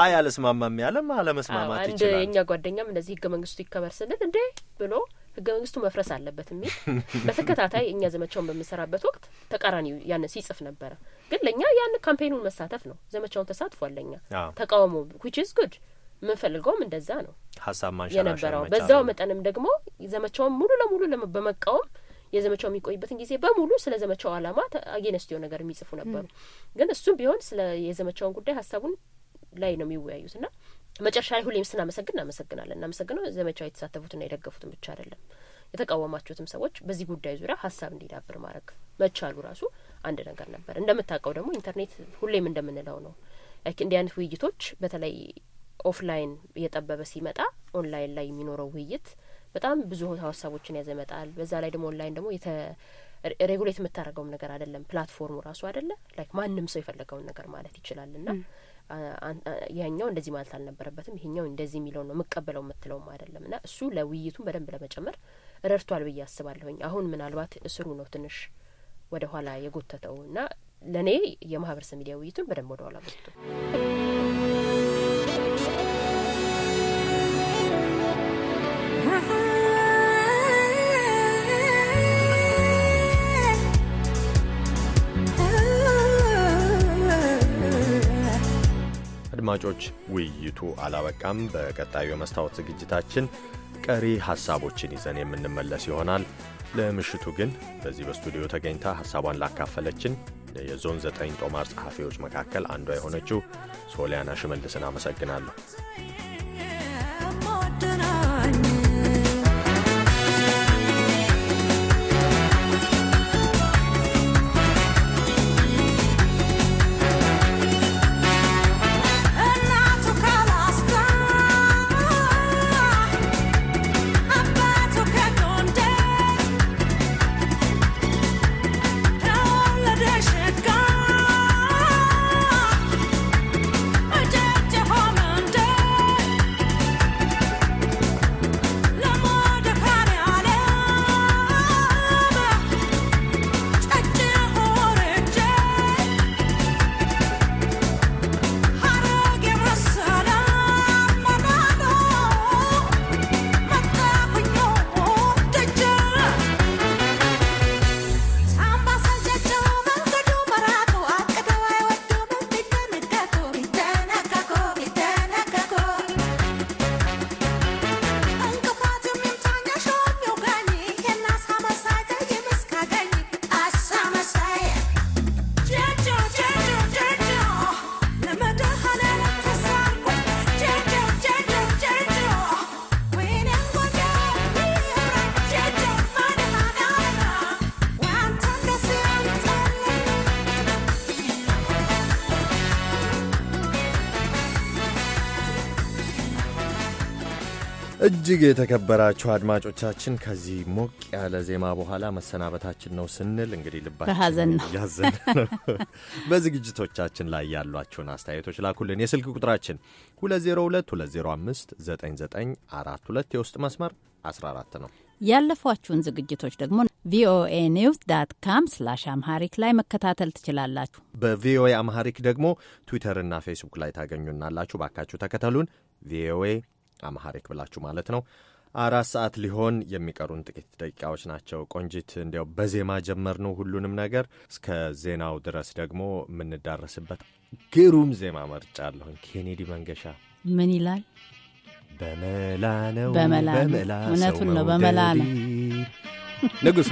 A: አይ አለስማማም ያለም አለመስማማት ይችላል። የእኛ
I: ጓደኛም እንደዚህ ህገ መንግስቱ ይከበር ስንል እንዴ ብሎ ህገ መንግስቱ መፍረስ አለበት የሚል <laughs> በተከታታይ እኛ ዘመቻውን በምንሰራበት ወቅት ተቃራኒው ያን ሲጽፍ ነበረ። ግን ለእኛ ያን ካምፔኑን መሳተፍ ነው። ዘመቻውን ተሳትፏል። ለእኛ ተቃውሞ ዊች ኢዝ ጉድ የምንፈልገውም እንደዛ ነው
A: ሀሳብ ማንሻ የነበረው በዛው
I: መጠንም ደግሞ ዘመቻውን ሙሉ ለሙሉ በመቃወም የዘመቻው የሚቆይበትን ጊዜ በሙሉ ስለ ዘመቻው አላማ አጌነስት ነገር የሚጽፉ ነበሩ። ግን እሱም ቢሆን ስለ የዘመቻውን ጉዳይ ሀሳቡን ላይ ነው የሚወያዩት ና መጨረሻ ላይ ሁሌም ስናመሰግን እናመሰግናለን። እናመሰግነው ዘመቻው የተሳተፉትና የደገፉትን ብቻ አይደለም የተቃወማችሁትም ሰዎች በዚህ ጉዳይ ዙሪያ ሀሳብ እንዲዳብር ማድረግ መቻሉ ራሱ አንድ ነገር ነበር። እንደምታውቀው ደግሞ ኢንተርኔት ሁሌም እንደምንለው ነው እንዲህ አይነት ውይይቶች በተለይ ኦፍላይን እየጠበበ ሲመጣ ኦንላይን ላይ የሚኖረው ውይይት በጣም ብዙ ሀሳቦችን ያዘ ይመጣል። በዛ ላይ ደግሞ ኦንላይን ደግሞ የተ ሬጉሌት የምታደርገውም ነገር አይደለም። ፕላትፎርሙ ራሱ አይደለ ላይክ ማንም ሰው የፈለገውን ነገር ማለት ይችላል ና ይህኛው እንደዚህ ማለት አልነበረበትም ይሄኛው እንደዚህ የሚለው ነው የምቀበለው የምትለውም አይደለም ና እሱ ለውይይቱም በደንብ ለመጨመር ረድቷል ብዬ አስባለሁኝ። አሁን ምናልባት እስሩ ነው ትንሽ ወደ ኋላ የጎተተው እና ለእኔ የማህበረሰብ ሚዲያ ውይይቱን በደንብ ወደ ኋላ
A: አድማጮች፣ ውይይቱ አላበቃም። በቀጣዩ የመስታወት ዝግጅታችን ቀሪ ሀሳቦችን ይዘን የምንመለስ ይሆናል። ለምሽቱ ግን በዚህ በስቱዲዮ ተገኝታ ሀሳቧን ላካፈለችን የዞን ዘጠኝ ጦማር ጸሐፊዎች መካከል አንዷ የሆነችው ሶሊያና ሽመልስን አመሰግናለሁ። እጅግ የተከበራችሁ አድማጮቻችን ከዚህ ሞቅ ያለ ዜማ በኋላ መሰናበታችን ነው ስንል እንግዲህ ልባችን ያዘን ነው። <laughs> በዝግጅቶቻችን ላይ ያሏችሁን አስተያየቶች ላኩልን። የስልክ ቁጥራችን 2022059942 የውስጥ መስመር 14 ነው።
B: ያለፏችሁን ዝግጅቶች ደግሞ ቪኦኤ ኒውስ ዳት ካም ስላሽ አምሃሪክ ላይ መከታተል ትችላላችሁ።
A: በቪኦኤ አምሃሪክ ደግሞ ትዊተርና ፌስቡክ ላይ ታገኙናላችሁ። ባካችሁ ተከተሉን። ቪኦኤ አማሐሪክ ብላችሁ ማለት ነው። አራት ሰዓት ሊሆን የሚቀሩን ጥቂት ደቂቃዎች ናቸው። ቆንጂት፣ እንዲያው በዜማ ጀመር ነው ሁሉንም ነገር። እስከ ዜናው ድረስ ደግሞ የምንዳረስበት ግሩም ዜማ መርጫ አለሁን ኬኔዲ መንገሻ ምን ይላል? በመላ ነው በመላ እውነቱን ነው በመላ ነው
C: ንጉሱ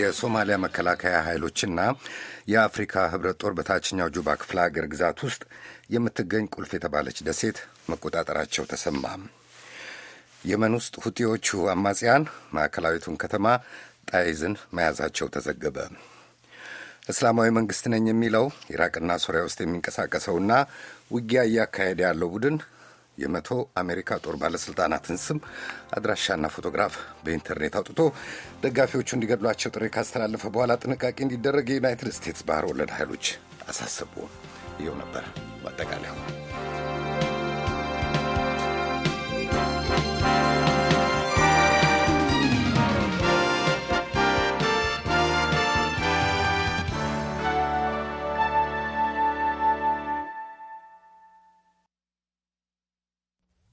F: የሶማሊያ መከላከያ ኃይሎችና የአፍሪካ ህብረት ጦር በታችኛው ጁባ ክፍለ ሀገር ግዛት ውስጥ የምትገኝ ቁልፍ የተባለች ደሴት መቆጣጠራቸው ተሰማ። የመን ውስጥ ሁቲዎቹ አማጽያን ማዕከላዊቱን ከተማ ጣይዝን መያዛቸው ተዘገበ። እስላማዊ መንግስት ነኝ የሚለው ኢራቅና ሶሪያ ውስጥ የሚንቀሳቀሰውና ውጊያ እያካሄደ ያለው ቡድን የመቶ አሜሪካ ጦር ባለሥልጣናትን ስም አድራሻና ፎቶግራፍ በኢንተርኔት አውጥቶ ደጋፊዎቹ እንዲገድሏቸው ጥሪ ካስተላለፈ በኋላ ጥንቃቄ እንዲደረግ የዩናይትድ ስቴትስ ባህር ወለድ ኃይሎች አሳሰቡ። ይኸው ነበር ማጠቃለያ።